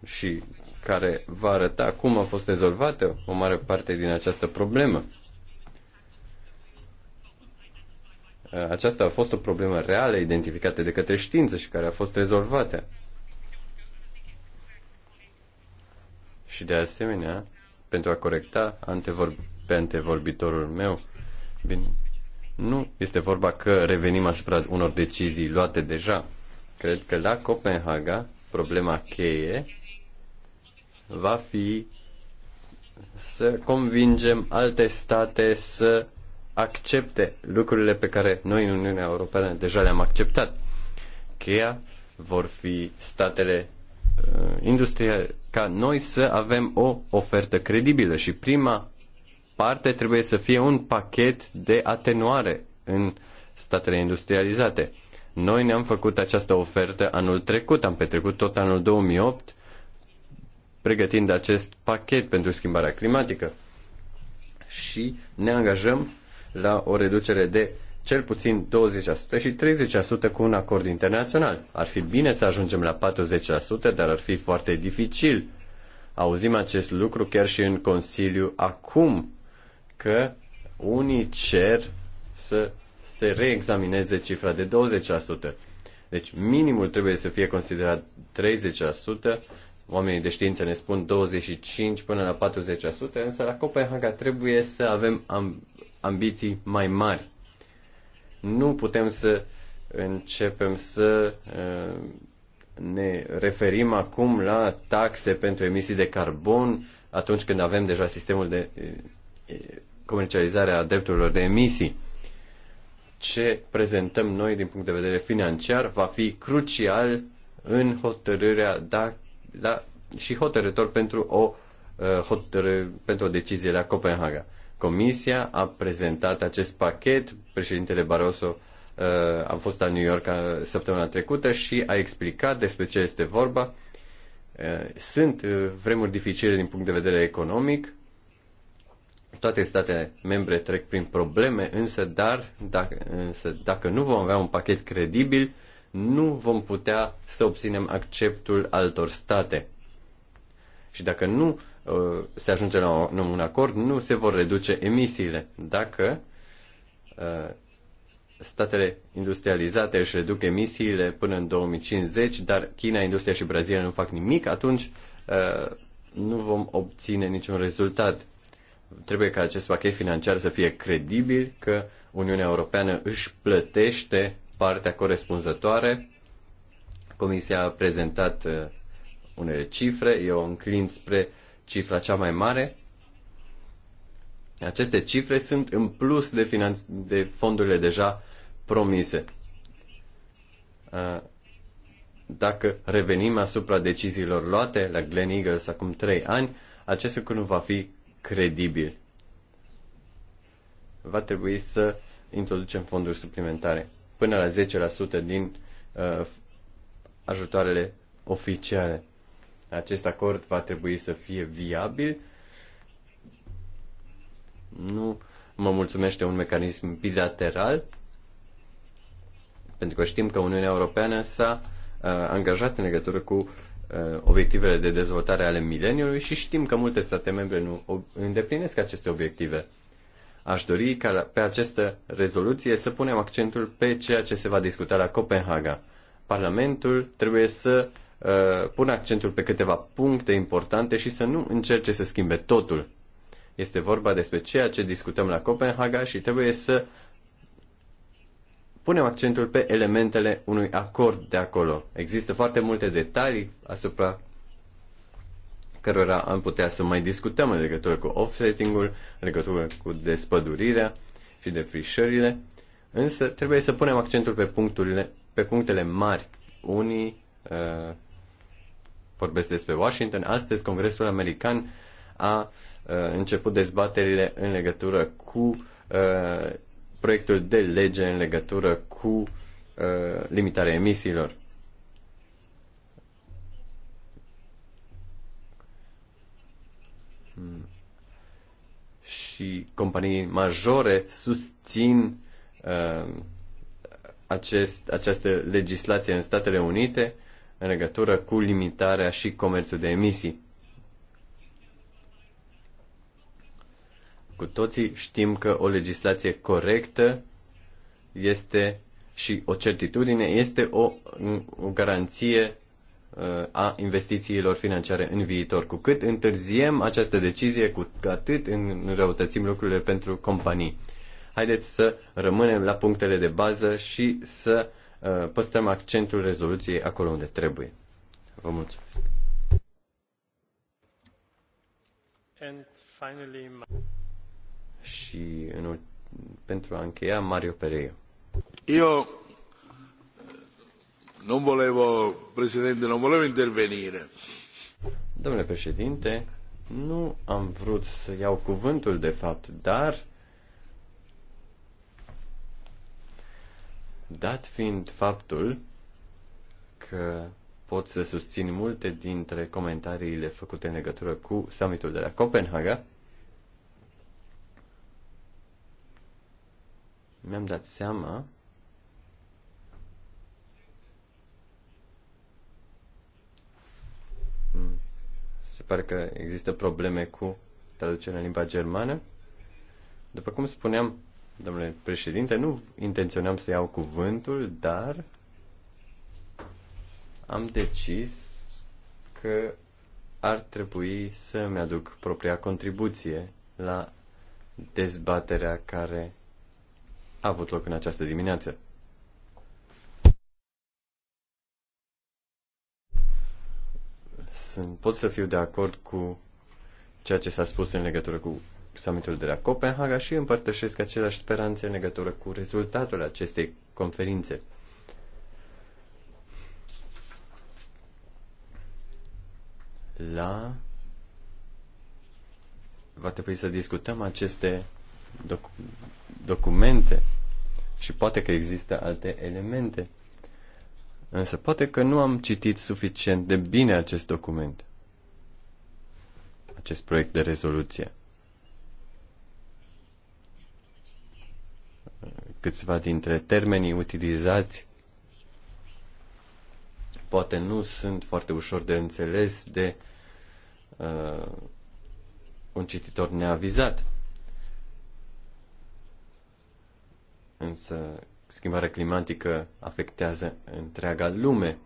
și care va arăta cum a fost rezolvată o mare parte din această problemă. Uh, aceasta a fost o problemă reală identificată de către știință și care a fost rezolvată. Și de asemenea, pentru a corecta antevor- pe antevorbitorul meu, bine, nu este vorba că revenim asupra unor decizii luate deja. Cred că la Copenhaga problema cheie va fi să convingem alte state să accepte lucrurile pe care noi în Uniunea Europeană deja le-am acceptat. Cheia vor fi statele uh, industriale ca noi să avem o ofertă credibilă și prima parte trebuie să fie un pachet de atenuare în statele industrializate. Noi ne-am făcut această ofertă anul trecut, am petrecut tot anul 2008 pregătind acest pachet pentru schimbarea climatică și ne angajăm la o reducere de cel puțin 20% și 30% cu un acord internațional. Ar fi bine să ajungem la 40%, dar ar fi foarte dificil. Auzim acest lucru chiar și în Consiliu acum că unii cer să se reexamineze cifra de 20%. Deci minimul trebuie să fie considerat 30%, oamenii de știință ne spun 25 până la 40%, însă la Copenhaga trebuie să avem ambiții mai mari. Nu putem să începem să uh, ne referim acum la taxe pentru emisii de carbon atunci când avem deja sistemul de uh, comercializarea drepturilor de emisii. Ce prezentăm noi din punct de vedere financiar va fi crucial în hotărârea da, da, și hotărător pentru o, uh, hotărâ, pentru o decizie la Copenhaga. Comisia a prezentat acest pachet, președintele Barroso uh, a fost la New York uh, săptămâna trecută și a explicat despre ce este vorba. Sunt vremuri dificile din punct de vedere economic, toate statele membre trec prin probleme, însă, dar, dacă, însă dacă nu vom avea un pachet credibil, nu vom putea să obținem acceptul altor state. Și dacă nu uh, se ajunge la un acord, nu se vor reduce emisiile. Dacă uh, statele industrializate își reduc emisiile până în 2050, dar China, Industria și Brazilia nu fac nimic, atunci uh, nu vom obține niciun rezultat trebuie ca acest pachet financiar să fie credibil, că Uniunea Europeană își plătește partea corespunzătoare. Comisia a prezentat uh, unele cifre, eu înclin spre cifra cea mai mare. Aceste cifre sunt în plus de, finanț- de fondurile deja promise. Uh, dacă revenim asupra deciziilor luate la Glen Eagles acum 3 ani, acest lucru nu va fi credibil. Va trebui să introducem fonduri suplimentare, până la 10% din uh, ajutoarele oficiale. Acest acord va trebui să fie viabil. Nu mă mulțumește un mecanism bilateral, pentru că știm că Uniunea Europeană s-a uh, angajat în legătură cu Uh, obiectivele de dezvoltare ale mileniului și știm că multe state membre nu îndeplinesc aceste obiective. Aș dori ca pe această rezoluție să punem accentul pe ceea ce se va discuta la Copenhaga. Parlamentul trebuie să uh, pună accentul pe câteva puncte importante și să nu încerce să schimbe totul. Este vorba despre ceea ce discutăm la Copenhaga și trebuie să uh, punem accentul pe elementele unui acord de acolo. Există foarte multe detalii asupra cărora am putea să mai discutăm în legătură cu offsetting-ul, în legătură cu despădurirea și defrișările, însă trebuie să punem accentul pe, puncturile, pe punctele mari. Unii uh, vorbesc despre Washington. Astăzi, Congresul American a uh, început dezbaterile în legătură cu uh, proiectul de lege în legătură cu uh, limitarea emisiilor. Hmm. Și companii majore susțin uh, acest, această legislație în Statele Unite în legătură cu limitarea și comerțul de emisii. Cu toții știm că o legislație corectă este și o certitudine este o, o garanție uh, a investițiilor financiare în viitor. Cu cât întârziem această decizie, cu atât înrăutățim lucrurile pentru companii. Haideți să rămânem la punctele de bază și să uh, păstrăm accentul rezoluției acolo unde trebuie. Vă mulțumesc. And finally, și în, pentru a încheia Mario Pereira. Eu nu volevo, președinte, nu volevo intervenire. Domnule președinte, nu am vrut să iau cuvântul de fapt, dar dat fiind faptul că pot să susțin multe dintre comentariile făcute în legătură cu summitul de la Copenhaga, mi-am dat seama se pare că există probleme cu traducerea în limba germană. După cum spuneam, domnule președinte, nu intenționam să iau cuvântul, dar am decis că ar trebui să-mi aduc propria contribuție la dezbaterea care a avut loc în această dimineață. Sunt, pot să fiu de acord cu ceea ce s-a spus în legătură cu summitul de la Copenhaga și împărtășesc aceleași speranțe în legătură cu rezultatul acestei conferințe. La va trebui să discutăm aceste doc- documente și poate că există alte elemente. Însă poate că nu am citit suficient de bine acest document, acest proiect de rezoluție. Câțiva dintre termenii utilizați poate nu sunt foarte ușor de înțeles de uh, un cititor neavizat. Însă schimbarea climatică afectează întreaga lume.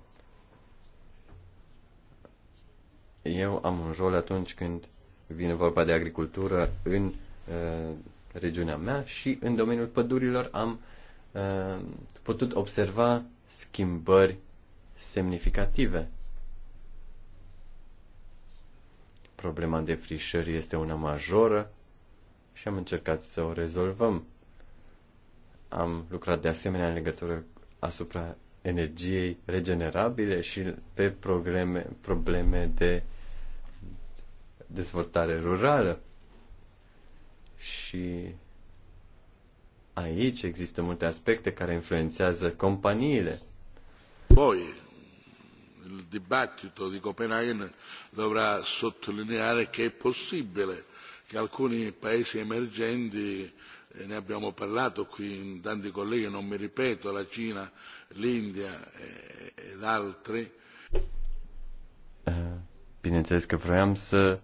Eu am un rol atunci când vine vorba de agricultură în uh, regiunea mea și în domeniul pădurilor am uh, putut observa schimbări semnificative. Problema defrișării este una majoră și am încercat să o rezolvăm. Am lucrat de asemenea în legătură asupra energiei regenerabile și pe probleme, probleme de dezvoltare rurală. Și aici există multe aspecte care influențează companiile. Poi, il dibattito di Copenaghen dovrà sottolineare che è possibile che alcuni paesi emergenti ne abbiamo parlato qui in tanti colleghi, non mi ripeto, la Cina, l'India ed altri. Eh, bineînțeles că vreau să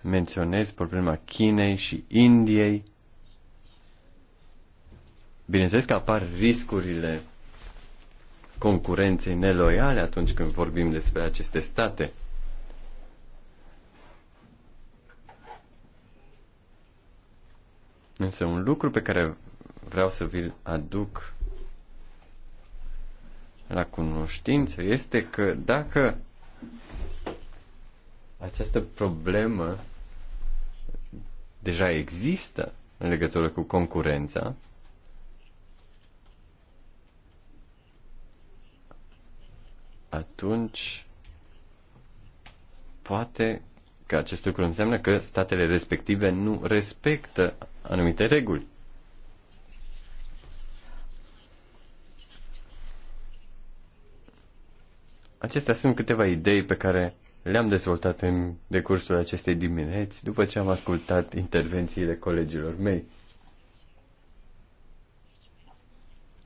menționez problema Chinei și Indiei. Bineînțeles că apar riscurile concurenței neloiale atunci când vorbim despre aceste state. Însă un lucru pe care vreau să vi-l aduc la cunoștință este că dacă această problemă deja există în legătură cu concurența, atunci poate că acest lucru înseamnă că statele respective nu respectă anumite reguli. Acestea sunt câteva idei pe care le-am dezvoltat în decursul acestei dimineți, după ce am ascultat intervențiile colegilor mei.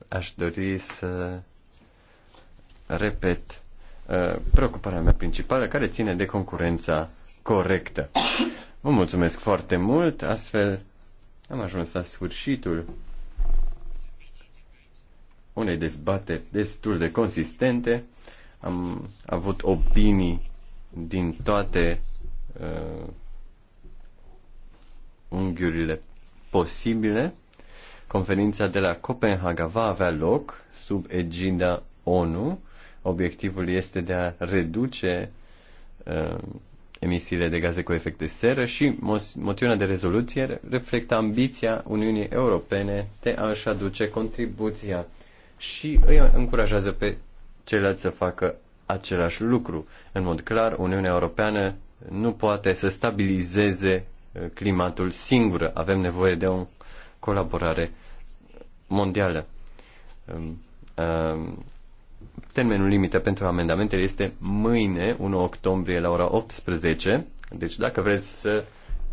Aș dori să repet uh, preocuparea mea principală care ține de concurența corectă. Vă mulțumesc foarte mult, astfel am ajuns la sfârșitul unei dezbateri destul de consistente. Am avut opinii din toate uh, unghiurile posibile. Conferința de la Copenhaga va avea loc sub egida ONU. Obiectivul este de a reduce uh, emisiile de gaze cu efect de seră și moțiunea de rezoluție reflectă ambiția Uniunii Europene de a-și aduce contribuția și îi încurajează pe ceilalți să facă același lucru. În mod clar, Uniunea Europeană nu poate să stabilizeze uh, climatul singură. Avem nevoie de o colaborare mondială um, um, Termenul limită pentru amendamente este mâine, 1 octombrie, la ora 18. Deci dacă vreți să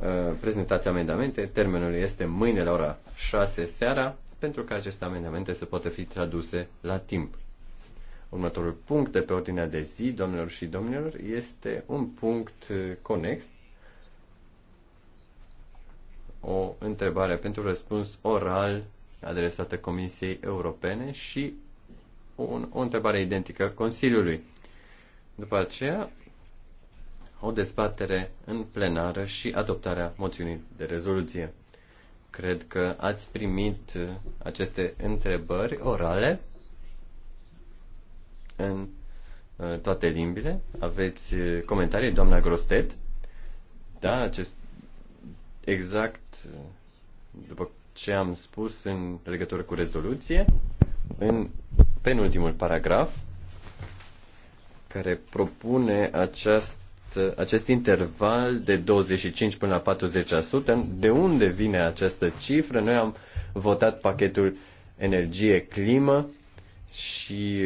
uh, prezentați amendamente, termenul este mâine la ora 6 seara, pentru că aceste amendamente se poate fi traduse la timp. Următorul punct de pe ordinea de zi, domnilor și domnilor, este un punct uh, conex, o întrebare pentru răspuns oral adresată Comisiei Europene și un, o întrebare identică Consiliului. După aceea, o dezbatere în plenară și adoptarea moțiunii de rezoluție. Cred că ați primit uh, aceste întrebări orale în uh, toate limbile. Aveți uh, comentarii, doamna Grostet? Da, acest exact după ce am spus în legătură cu rezoluție, în penultimul paragraf, care propune acest, acest interval de 25 până la 40%. De unde vine această cifră? Noi am votat pachetul energie-climă și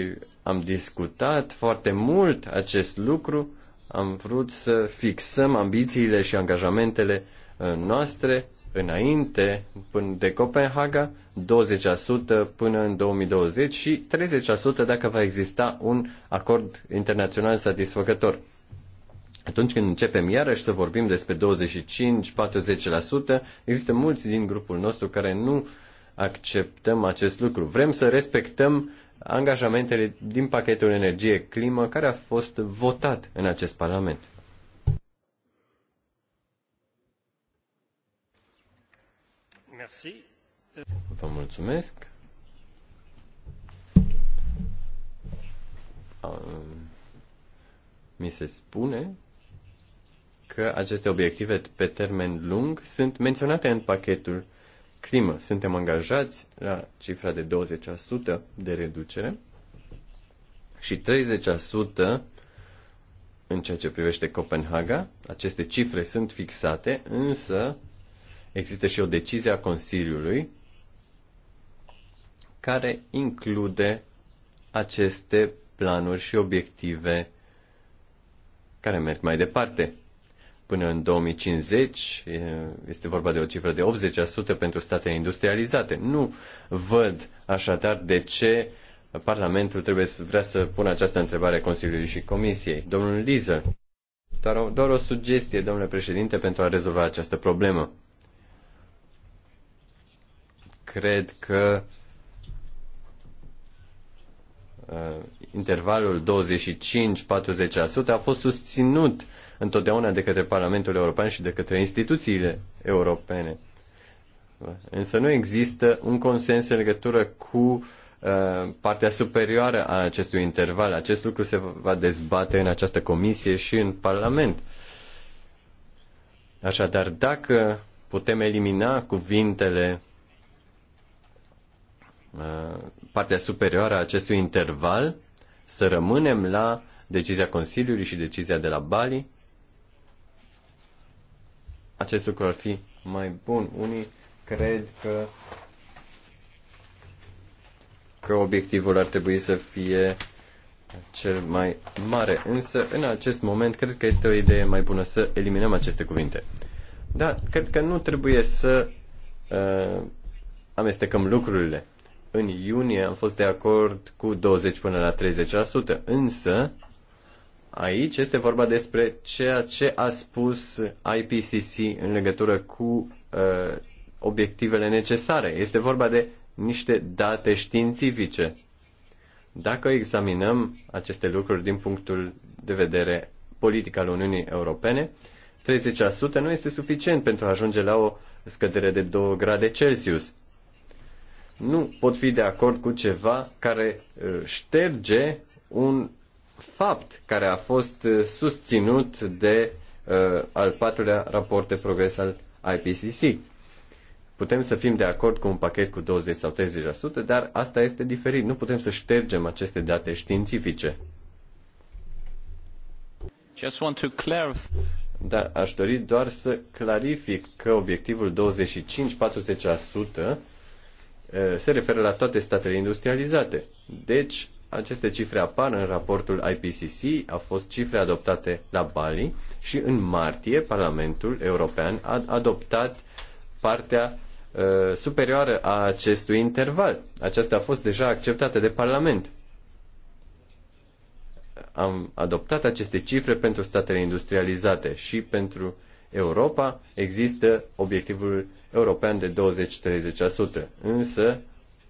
am discutat foarte mult acest lucru. Am vrut să fixăm ambițiile și angajamentele uh, noastre înainte până de Copenhaga, 20% până în 2020 și 30% dacă va exista un acord internațional satisfăcător. Atunci când începem iarăși să vorbim despre 25-40%, există mulți din grupul nostru care nu acceptăm acest lucru. Vrem să respectăm angajamentele din pachetul energie-climă care a fost votat în acest Parlament. Vă mulțumesc. Mi se spune că aceste obiective pe termen lung sunt menționate în pachetul climă. Suntem angajați la cifra de 20% de reducere și 30% în ceea ce privește Copenhaga. Aceste cifre sunt fixate, însă Există și o decizie a Consiliului care include aceste planuri și obiective care merg mai departe. Până în 2050 este vorba de o cifră de 80% pentru statele industrializate. Nu văd așadar de ce Parlamentul trebuie să vrea să pună această întrebare Consiliului și Comisiei. Domnul Lizer, doar o, doar o sugestie, domnule președinte, pentru a rezolva această problemă cred că uh, intervalul 25-40% a fost susținut întotdeauna de către Parlamentul European și de către instituțiile europene. Însă nu există un consens în legătură cu uh, partea superioară a acestui interval. Acest lucru se va dezbate în această comisie și în Parlament. Așadar, dacă putem elimina cuvintele Uh, partea superioară a acestui interval, să rămânem la decizia Consiliului și decizia de la Bali. Acest lucru ar fi mai bun. Unii cred că că obiectivul ar trebui să fie cel mai mare. Însă, în acest moment, cred că este o idee mai bună să eliminăm aceste cuvinte. Dar cred că nu trebuie să uh, amestecăm lucrurile în iunie am fost de acord cu 20 până la 30%, însă aici este vorba despre ceea ce a spus IPCC în legătură cu uh, obiectivele necesare. Este vorba de niște date științifice. Dacă examinăm aceste lucruri din punctul de vedere politic al Uniunii Europene, 30% nu este suficient pentru a ajunge la o scădere de 2 grade Celsius nu pot fi de acord cu ceva care uh, șterge un fapt care a fost uh, susținut de uh, al patrulea raport de progres al IPCC. Putem să fim de acord cu un pachet cu 20 sau 30%, dar asta este diferit. Nu putem să ștergem aceste date științifice. Just want to clarify. Da, aș dori doar să clarific că obiectivul 25-40% Eh, se referă la toate statele industrializate. Deci, aceste cifre apar în raportul IPCC, au fost cifre adoptate la Bali și în martie Parlamentul European a adoptat partea uh, superioară a acestui interval. Aceasta a fost deja acceptată de Parlament. Am adoptat aceste cifre pentru statele industrializate și pentru uh, Europa există obiectivul european de 20-30%, însă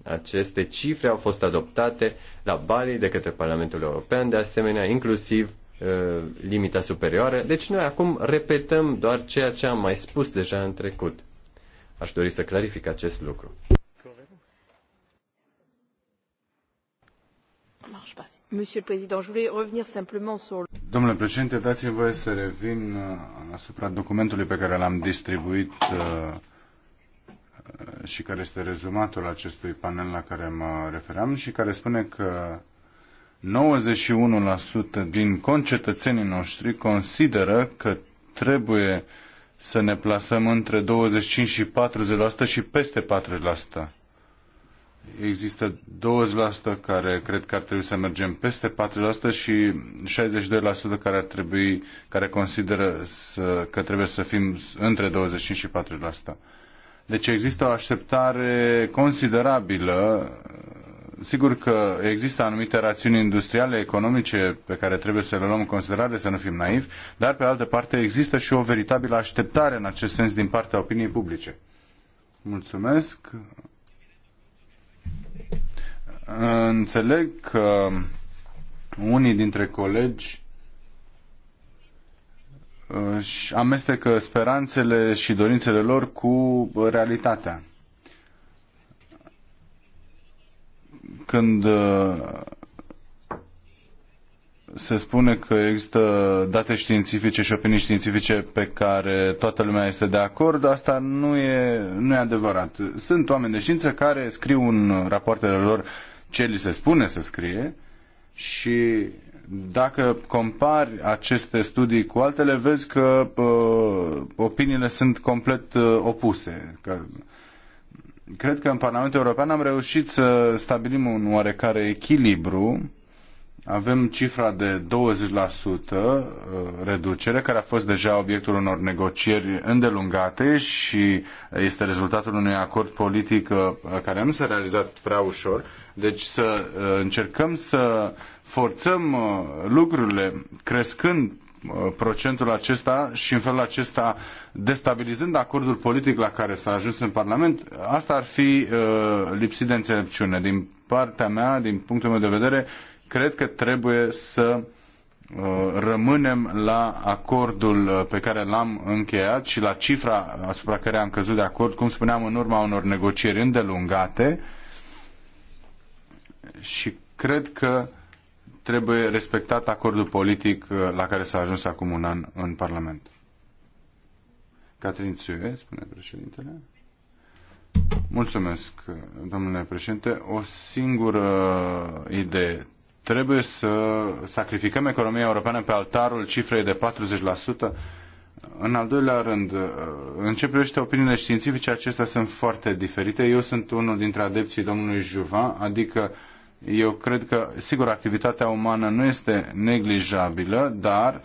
aceste cifre au fost adoptate la Bali de către Parlamentul European, de asemenea inclusiv uh, limita superioară. Deci noi acum repetăm doar ceea ce am mai spus deja în trecut. Aș dori să clarific acest lucru. Marche pas. Domnule președinte, dați-mi voie să revin uh, asupra documentului pe care l-am distribuit uh, uh, și care este rezumatul acestui panel la care mă refeream și care spune că 91% din concetățenii noștri consideră că trebuie să ne plasăm între 25 și 40% și peste 40% există 20% care cred că ar trebui să mergem peste 4% și 62% care ar trebui, care consideră să, că trebuie să fim între 25 și 4%. Deci există o așteptare considerabilă. Sigur că există anumite rațiuni industriale, economice, pe care trebuie să le luăm în considerare, să nu fim naivi, dar pe altă parte există și o veritabilă așteptare în acest sens din partea opiniei publice. Mulțumesc. Înțeleg că unii dintre colegi își amestecă speranțele și dorințele lor cu realitatea. Când uh, se spune că există date științifice și opinii științifice pe care toată lumea este de acord, asta nu e, nu e adevărat. Sunt oameni de știință care scriu în rapoartele lor ce li se spune să scrie și dacă compari aceste studii cu altele, vezi că uh, opiniile sunt complet uh, opuse. Că, cred că în Parlamentul European am reușit să stabilim un oarecare echilibru. Avem cifra de 20% uh, reducere, care a fost deja obiectul unor negocieri îndelungate și este rezultatul unui acord politic uh, care nu s-a realizat prea ușor deci să uh, încercăm să forțăm uh, lucrurile crescând uh, procentul acesta și în felul acesta destabilizând acordul politic la care s-a ajuns în Parlament, asta ar fi lipsit de înțelepciune. Din partea mea, din punctul meu de vedere, cred că trebuie să rămânem la acordul pe care l-am încheiat și la cifra asupra care am căzut de acord, cum spuneam, în urma unor negocieri îndelungate uh, și cred că trebuie respectat acordul politic uh, la care s-a ajuns acum un an în Parlament. Catrin Țuie, spune președintele. Mulțumesc, uh, domnule președinte. O singură uh, idee. Trebuie să sacrificăm economia europeană pe altarul cifrei de 40%. În al doilea rând, în ce privește opiniile științifice, acestea sunt foarte diferite. Eu sunt unul dintre adepții domnului Juvan, adică uh, eu cred că, sigur, activitatea umană nu este neglijabilă, dar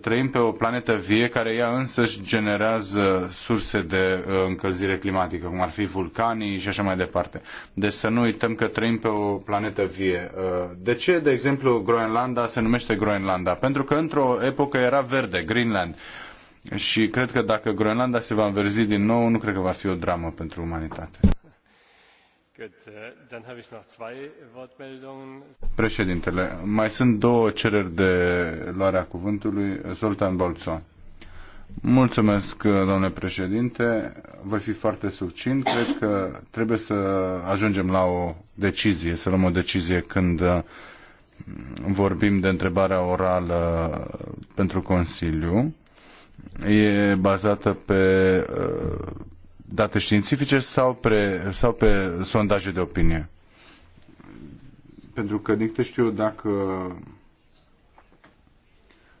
trăim pe o planetă vie care ea însăși generează surse de uh, încălzire climatică, cum ar fi vulcanii și așa mai departe. Deci să nu uităm că trăim pe o planetă vie. Uh, de ce, de exemplu, Groenlanda se numește Groenlanda? Pentru că într-o epocă era verde, Greenland. Și cred că dacă Groenlanda se va înverzi din nou, nu cred că va fi o dramă pentru umanitate. Uh, Președintele, mai sunt două cereri de a cuvântului. Zoltan Balțo. Mulțumesc, uh, domnule președinte. Voi fi foarte succint. Cred că trebuie să ajungem la o decizie, să luăm o decizie când uh, vorbim de întrebarea orală pentru Consiliu. E bazată pe date științifice sau pe, sau pe sondaje de opinie? Pentru că, din câte știu dacă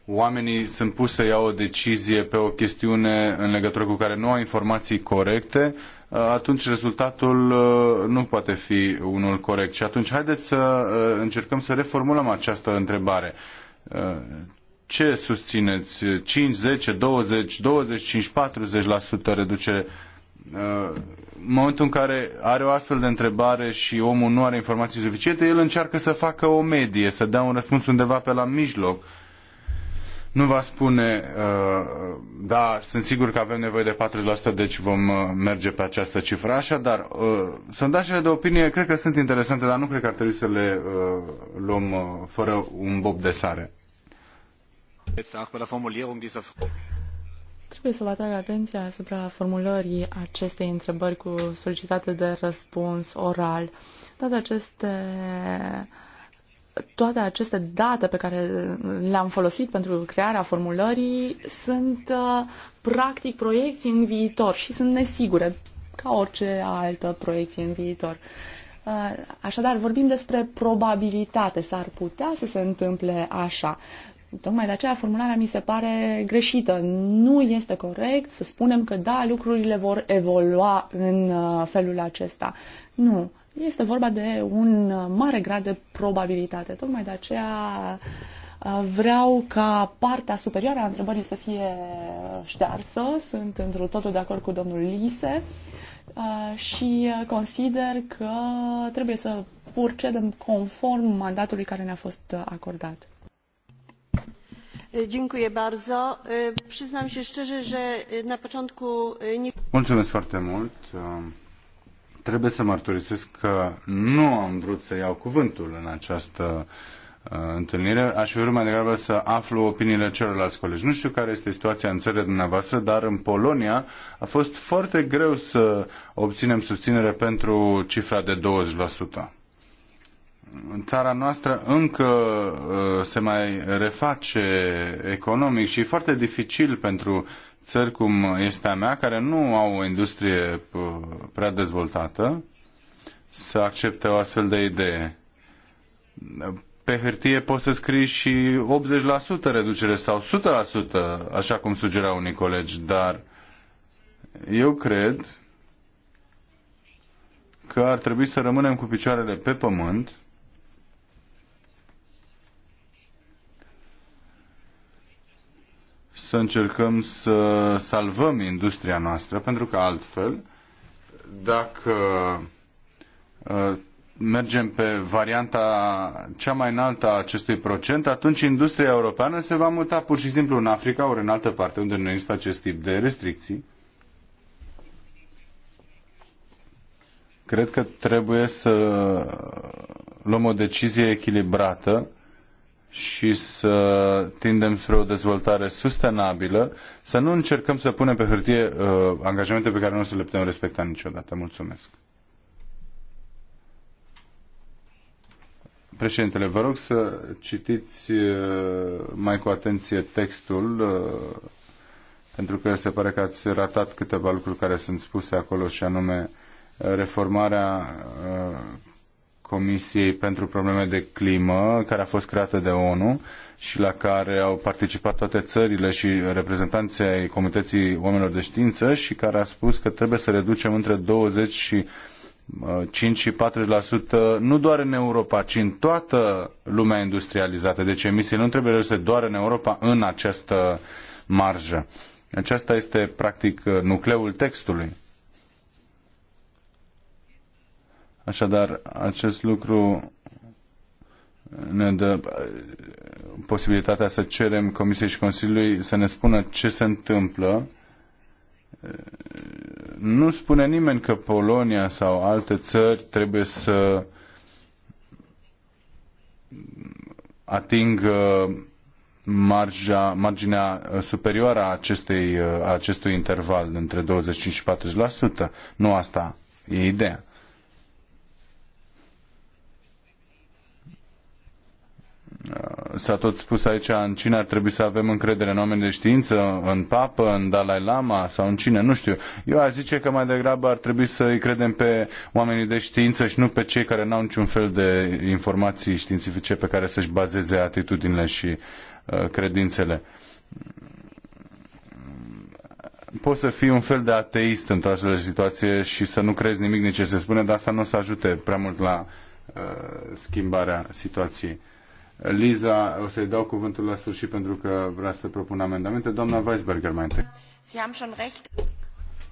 oamenii sunt puși să iau o decizie pe o chestiune în legătură cu care nu au informații corecte, atunci rezultatul uh, nu poate fi unul corect. Și atunci haideți să uh, încercăm să reformulăm această întrebare. Uh, ce susțineți? 5, 10, 20, 25, 40% reducere? în momentul în care are o astfel de întrebare și omul nu are informații suficiente, el încearcă să facă o medie, să dea un răspuns undeva pe la mijloc. Nu va spune, uh, da, sunt sigur că avem nevoie de 40%, deci vom uh, merge pe această cifră. Așadar, uh, sondajele de opinie cred că sunt interesante, dar nu cred că ar trebui să le luăm fără un bob de sare. Trebuie să vă atrag atenția asupra formulării acestei întrebări cu solicitate de răspuns oral. Toate aceste toate aceste date pe care le-am folosit pentru crearea formulării sunt uh, practic proiecții în viitor și sunt nesigure ca orice altă proiecție în viitor. Uh, așadar, vorbim despre probabilitate. S-ar putea să se întâmple așa. Tocmai de aceea formularea mi se pare greșită. Nu este corect să spunem că da, lucrurile vor evolua în uh, felul acesta. Nu. Este vorba de un uh, mare grad de probabilitate. Tocmai de aceea uh, vreau ca partea superioară a întrebării să fie ștearsă. Sunt într totul de acord cu domnul Lise și consider că trebuie să procedăm conform mandatului care ne-a fost acordat. Przyznam się szczerze, że na początku... Mulțumesc foarte mult. Trebuie să mărturisesc că nu am vrut să iau cuvântul în această întâlnire. Aș fi vrut mai degrabă să aflu opiniile celorlalți colegi. Nu știu care este situația în țările dumneavoastră, dar în Polonia a fost foarte greu să obținem susținere pentru cifra de 20% în țara noastră încă uh, se mai reface economic și e foarte dificil pentru țări cum este a mea, care nu au o industrie uh, prea dezvoltată, să accepte o astfel de idee. Pe hârtie poți să scrii și 80% reducere sau 100%, așa cum sugerau unii colegi, dar eu cred că ar trebui să rămânem cu picioarele pe pământ să încercăm să salvăm industria noastră, pentru că altfel, dacă uh, mergem pe varianta cea mai înaltă a acestui procent, atunci industria europeană se va muta pur și simplu în Africa ori în altă parte unde nu există acest tip de restricții. Cred că trebuie să luăm o decizie echilibrată și să tindem spre o dezvoltare sustenabilă, să nu încercăm să punem pe hârtie uh, angajamente pe care nu o să le putem respecta niciodată. Mulțumesc. Președintele, vă rog să citiți uh, mai cu atenție textul, uh, pentru că se pare că ați ratat câteva lucruri care sunt spuse acolo, și anume uh, reformarea uh, Comisiei pentru Probleme de Climă, care a fost creată de ONU și la care au participat toate țările și reprezentanții ai Comității Oamenilor de Știință și care a spus că trebuie să reducem între 20 și 5 uh, și 40%, nu doar în Europa, ci în toată lumea industrializată. Deci emisiile nu trebuie reduse doar în Europa, în această marjă. Aceasta este, practic, uh, nucleul textului. Așadar, acest lucru ne dă posibilitatea să cerem Comisiei și Consiliului să ne spună ce se întâmplă. Nu spune nimeni că Polonia sau alte țări trebuie să atingă marja, marginea superioară a, acestei, a acestui interval între 25 și 40%. Nu asta e ideea. Uh, s-a tot spus aici în cine ar trebui să avem încredere în oameni de știință, în papă, în Dalai Lama sau în cine, nu știu. Eu aș zice că mai degrabă ar trebui să îi credem pe oamenii de știință și nu pe cei care n-au niciun fel de informații științifice pe care să-și bazeze atitudinile și uh, credințele poți să fii un fel de ateist într-o astfel de situație și să nu crezi nimic nici ce se spune, dar asta nu o să ajute prea mult la uh, schimbarea situației. Liza, o să-i dau cuvântul la sfârșit pentru că vrea să propună amendamente. Doamna Weisberger, mai întâi. Sie haben schon recht.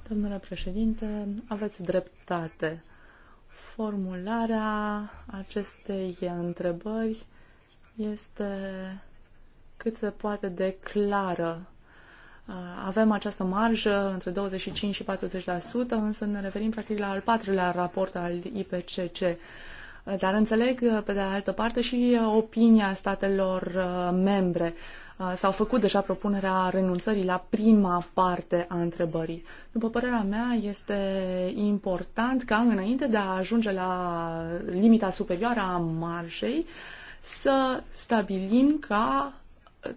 Domnule președinte, aveți dreptate. Formularea acestei întrebări este cât se poate de clară. Uh, avem această marjă între 25 și 40%, însă ne referim practic la al patrulea raport al IPCC dar înțeleg uh, pe de altă parte și uh, opinia statelor uh, membre. S-au făcut deja propunerea renunțării la prima parte a întrebării. După părerea mea, este important ca înainte de a ajunge la limita superioară a marjei să stabilim ca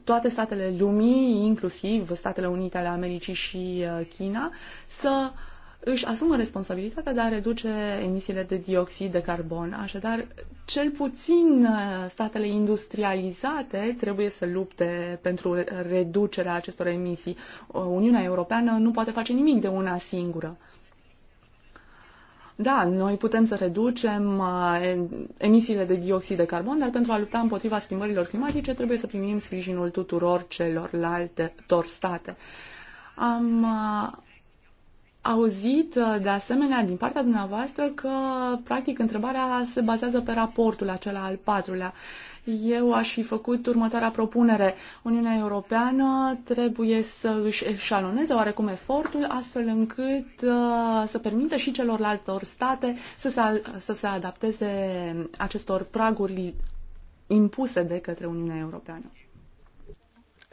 toate statele lumii, inclusiv Statele Unite ale Americii și China, să uh, își asumă responsabilitatea de a reduce emisiile de dioxid de carbon. Așadar, cel puțin uh, statele industrializate trebuie să lupte pentru reducerea acestor emisii. Uh, Uniunea Europeană nu poate face nimic de una singură. Da, noi putem să reducem uh, emisiile de dioxid de carbon, dar pentru a lupta împotriva schimbărilor climatice trebuie să primim sprijinul tuturor celorlalte tor state. Am auzit uh, de asemenea din partea dumneavoastră că practic întrebarea se bazează pe raportul acela al patrulea. Eu aș fi făcut următoarea propunere. Uniunea Europeană trebuie să își eșaloneze oarecum efortul astfel încât uh, să permită și celorlalte state să se, să se adapteze acestor praguri impuse de către Uniunea Europeană.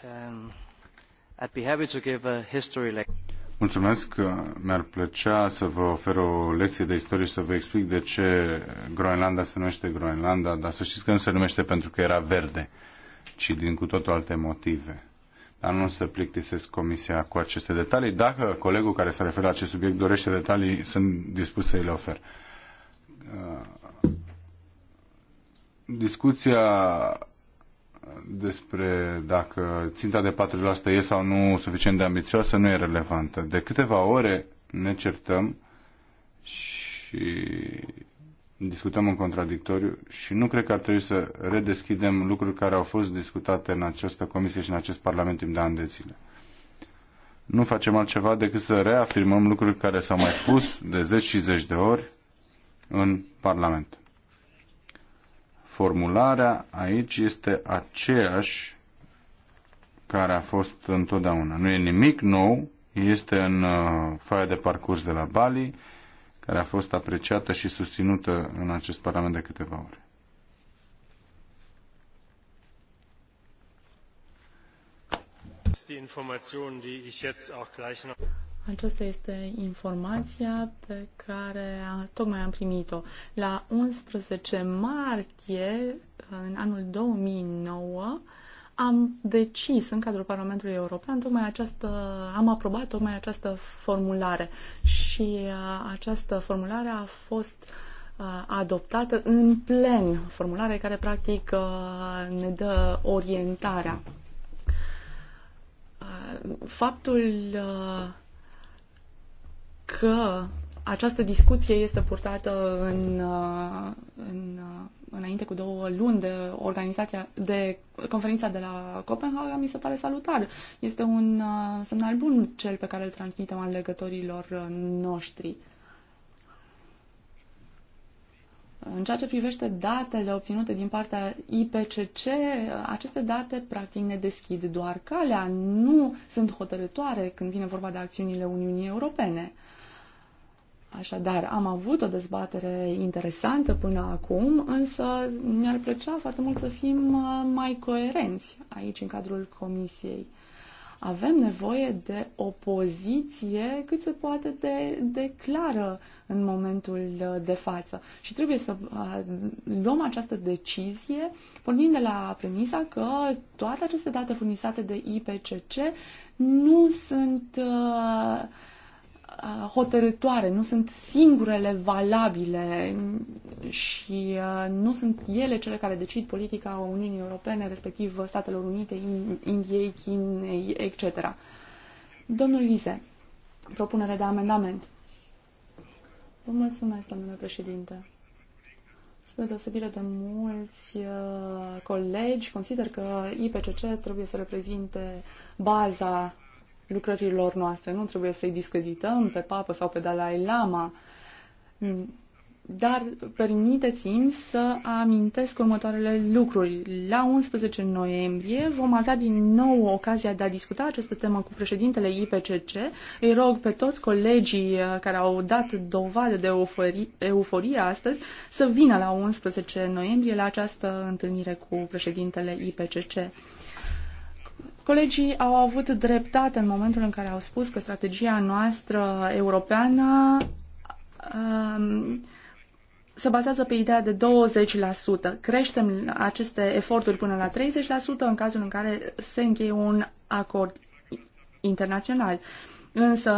Um, I'd be happy to give a history lecture. Mulțumesc. Mi-ar plăcea să vă ofer o lecție de istorie și să vă explic de ce Groenlanda se numește Groenlanda, dar să știți că nu se numește pentru că era verde, ci din cu totul alte motive. Dar nu să plictisesc comisia cu aceste detalii. Dacă colegul care se referă la acest subiect dorește detalii, sunt dispus să îi le ofer. Uh, discuția despre dacă ținta de 40% e sau nu suficient de ambițioasă nu e relevantă. De câteva ore ne certăm și discutăm în contradictoriu și nu cred că ar trebui să redeschidem lucruri care au fost discutate în această comisie și în acest parlament timp de ani de zile. Nu facem altceva decât să reafirmăm lucruri care s-au mai spus de zeci și zeci de ori în Parlament formularea aici este aceeași care a fost întotdeauna. Nu e nimic nou, este în uh, foaia de parcurs de la Bali, care a fost apreciată și susținută în acest Parlament de câteva ore. Aceasta este informația pe care tocmai am primit-o. La 11 martie, în anul 2009, am decis în cadrul Parlamentului European tocmai această, am aprobat tocmai această formulare și această formulare a fost adoptată în plen, formulare care practic ne dă orientarea. Faptul că această discuție este purtată în, uh, în, uh, înainte cu două luni de organizația de conferința de la Copenhaga, mi se pare salutar. Este un uh, semnal bun cel pe care îl transmitem alegătorilor noștri. În ceea ce privește datele obținute din partea IPCC, aceste date practic ne deschid doar calea, nu sunt hotărătoare când vine vorba de acțiunile Uniunii Europene. Uh, Așadar, am avut o dezbatere interesantă până acum, însă mi-ar plăcea foarte mult să fim uh, mai coerenți aici, în cadrul comisiei. Avem nevoie de o poziție cât se poate de, de clară în momentul uh, de față și trebuie să uh, luăm această decizie pornind de la premisa că toate aceste date furnizate de IPCC nu sunt uh, Uh, hotărătoare, nu sunt singurele valabile și uh, nu sunt ele cele care decid politica Uniunii Europene, respectiv Statelor Unite, Indiei, Chinei, etc. Domnul Lize, propunere de amendament. Vă mulțumesc, domnule președinte. Spre deosebire de mulți uh, colegi, consider că IPCC trebuie să reprezinte baza lucrărilor noastre. Nu trebuie să-i discredităm pe papă sau pe Dalai Lama, mm, dar permiteți-mi să amintesc următoarele lucruri. La 11 noiembrie vom avea din nou ocazia de a discuta această temă cu președintele IPCC. Îi rog pe toți colegii uh, care au dat dovadă de euforie, euforie astăzi să vină la 11 noiembrie la această întâlnire cu președintele IPCC. Colegii au avut dreptate în momentul în care au spus că strategia noastră europeană um, se bazează pe ideea de 20%. Creștem aceste eforturi până la 30% în cazul în care se încheie un acord internațional. Uh, Însă,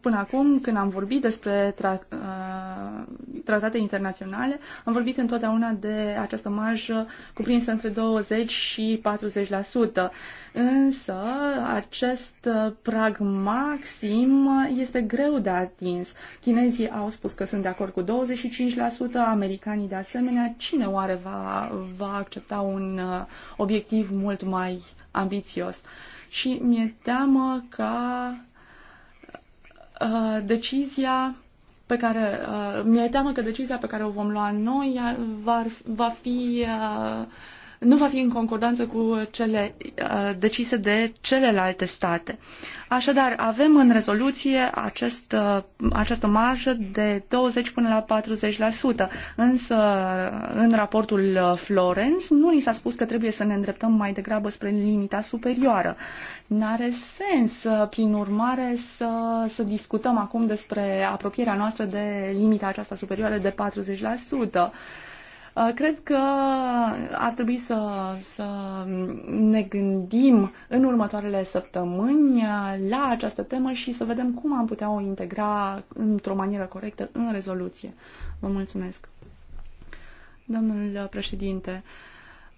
până acum, când am vorbit despre tra- uh, tratate internaționale, am vorbit întotdeauna de această marjă cuprinsă între 20 și 40%. Însă, acest prag maxim este greu de atins. Chinezii au spus că sunt de acord cu 25%, americanii de asemenea. Cine oare va, va accepta un uh, obiectiv mult mai ambițios? Și mi-e teamă ca Uh, decizia pe care, uh, mi-e teamă că decizia pe care o vom lua noi va, va fi uh, nu va fi în concordanță cu cele uh, decise de celelalte state. Așadar, avem în rezoluție acest, uh, această marjă de 20 până la 40%, însă în raportul uh, Florence nu ni s-a spus că trebuie să ne îndreptăm mai degrabă spre limita superioară. N-are sens, prin urmare, să, să discutăm acum despre apropierea noastră de limita aceasta superioară de 40%. Uh, cred că ar trebui să, să ne gândim în următoarele săptămâni la această temă și să vedem cum am putea o integra într-o manieră corectă în rezoluție. Vă mulțumesc. Domnul președinte,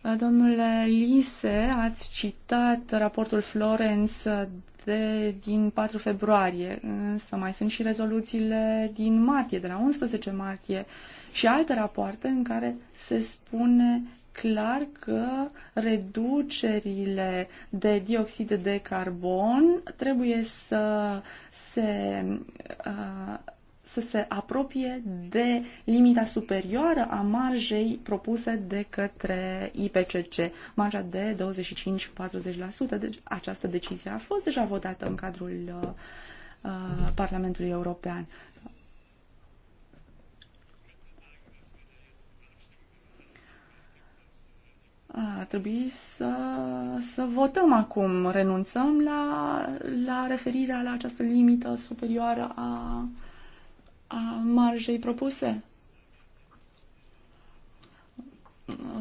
uh, domnule Lise, ați citat raportul Florence de, din 4 februarie, însă mai sunt și rezoluțiile din martie, de la 11 martie și alte rapoarte în care se spune clar că reducerile de dioxid de carbon trebuie să se, uh, să se apropie de limita superioară a marjei propuse de către IPCC, marja de 25-40%. Deci această decizie a fost deja votată în cadrul uh, uh, Parlamentului European. Ar trebui să, să votăm acum. Renunțăm la, la referirea la această limită superioară a, a marjei propuse?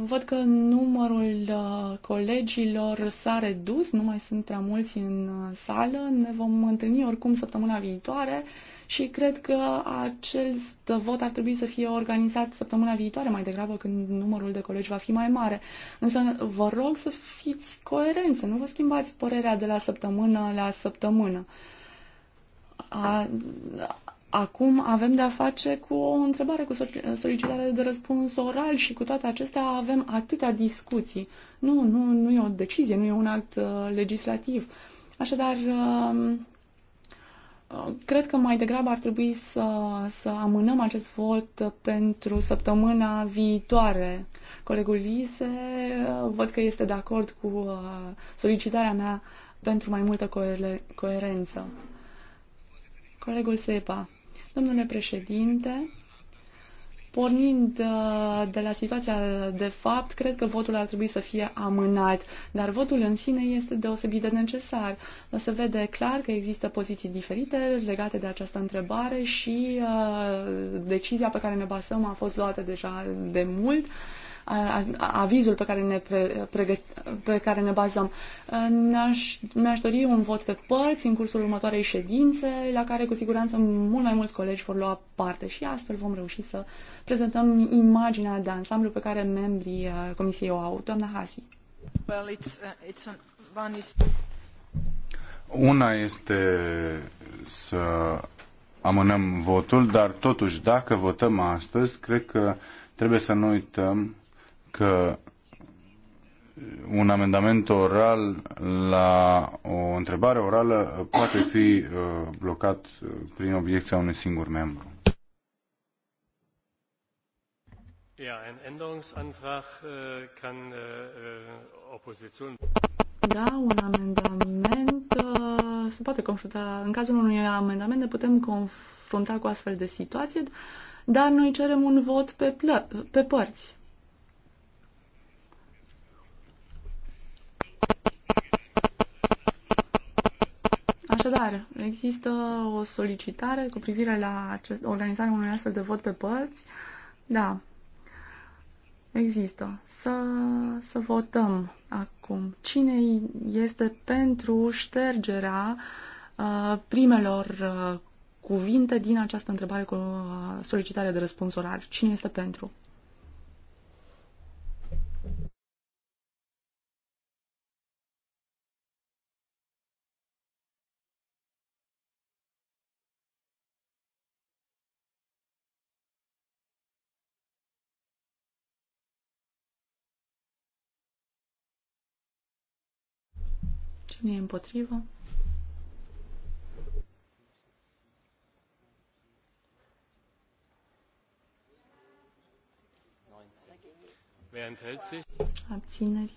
Văd că numărul uh, colegilor s-a redus, nu mai sunt prea mulți în uh, sală. Ne vom întâlni oricum săptămâna viitoare și cred că acest vot ar trebui să fie organizat săptămâna viitoare mai degrabă când numărul de colegi va fi mai mare. Însă vă rog să fiți coerenți, să nu vă schimbați părerea de la săptămână la săptămână. A, Acum avem de-a face cu o întrebare cu solicitare de răspuns oral și cu toate acestea avem atâtea discuții. Nu, nu, nu e o decizie, nu e un act uh, legislativ. Așadar, um, uh, Cred că mai degrabă ar trebui să, să amânăm acest vot pentru săptămâna viitoare. Colegul Lise, uh, văd că este de acord cu uh, solicitarea mea pentru mai multă coerență. Colegul Sepa. Domnule președinte, pornind uh, de la situația de fapt, cred că votul ar trebui să fie amânat, dar votul în sine este deosebit de necesar. Se vede clar că există poziții diferite legate de această întrebare și uh, decizia pe care ne basăm a fost luată deja de mult avizul pe care ne, pre, pregăt, pe care ne bazăm. Mi-aș, mi-aș dori un vot pe părți în cursul următoarei ședințe, la care cu siguranță mult mai mulți colegi vor lua parte și astfel vom reuși să prezentăm imaginea de ansamblu pe care membrii uh, Comisiei o au. Doamna Hasi. Well, it's, uh, it's an, Una este să amânăm votul, dar totuși dacă votăm astăzi, cred că trebuie să nu uităm că un amendament oral la o întrebare orală poate fi uh, blocat uh, prin obiecția unui singur membru. Ja, ein Änderungsantrag uh, kann Opposition. Da, un amendament se poate confrunta. În cazul unui amendament ne putem confrunta cu astfel de situație, dar noi cerem un vot pe, pe părți. Așadar, există o solicitare cu privire la organizarea unui astfel de vot pe părți. Da, există. Să, să votăm acum. Cine este pentru ștergerea uh, primelor uh, cuvinte din această întrebare cu uh, solicitare de răspuns orar? Cine este pentru? cine e împotrivă. Abțineri.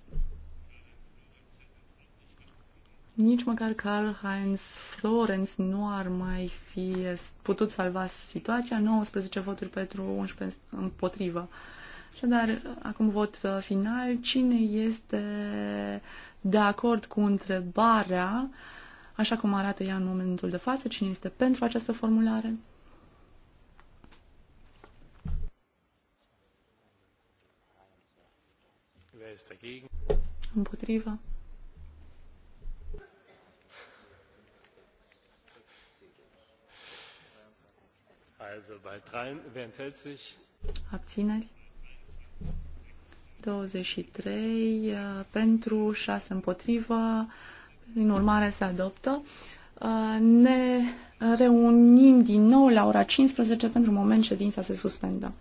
Nici măcar Karl-Heinz Florenz nu ar mai fi putut salva situația. 19 voturi pentru 11 împotrivă dar acum vot uh, final. Cine este de acord cu întrebarea, așa cum arată ea în momentul de față, cine este pentru această formulare? Împotrivă. Also bei 43. Abțineri. 23 uh, pentru, 6 împotrivă, în urmare se adoptă. Uh, ne reunim din nou la ora 15, pentru moment ședința se suspendă.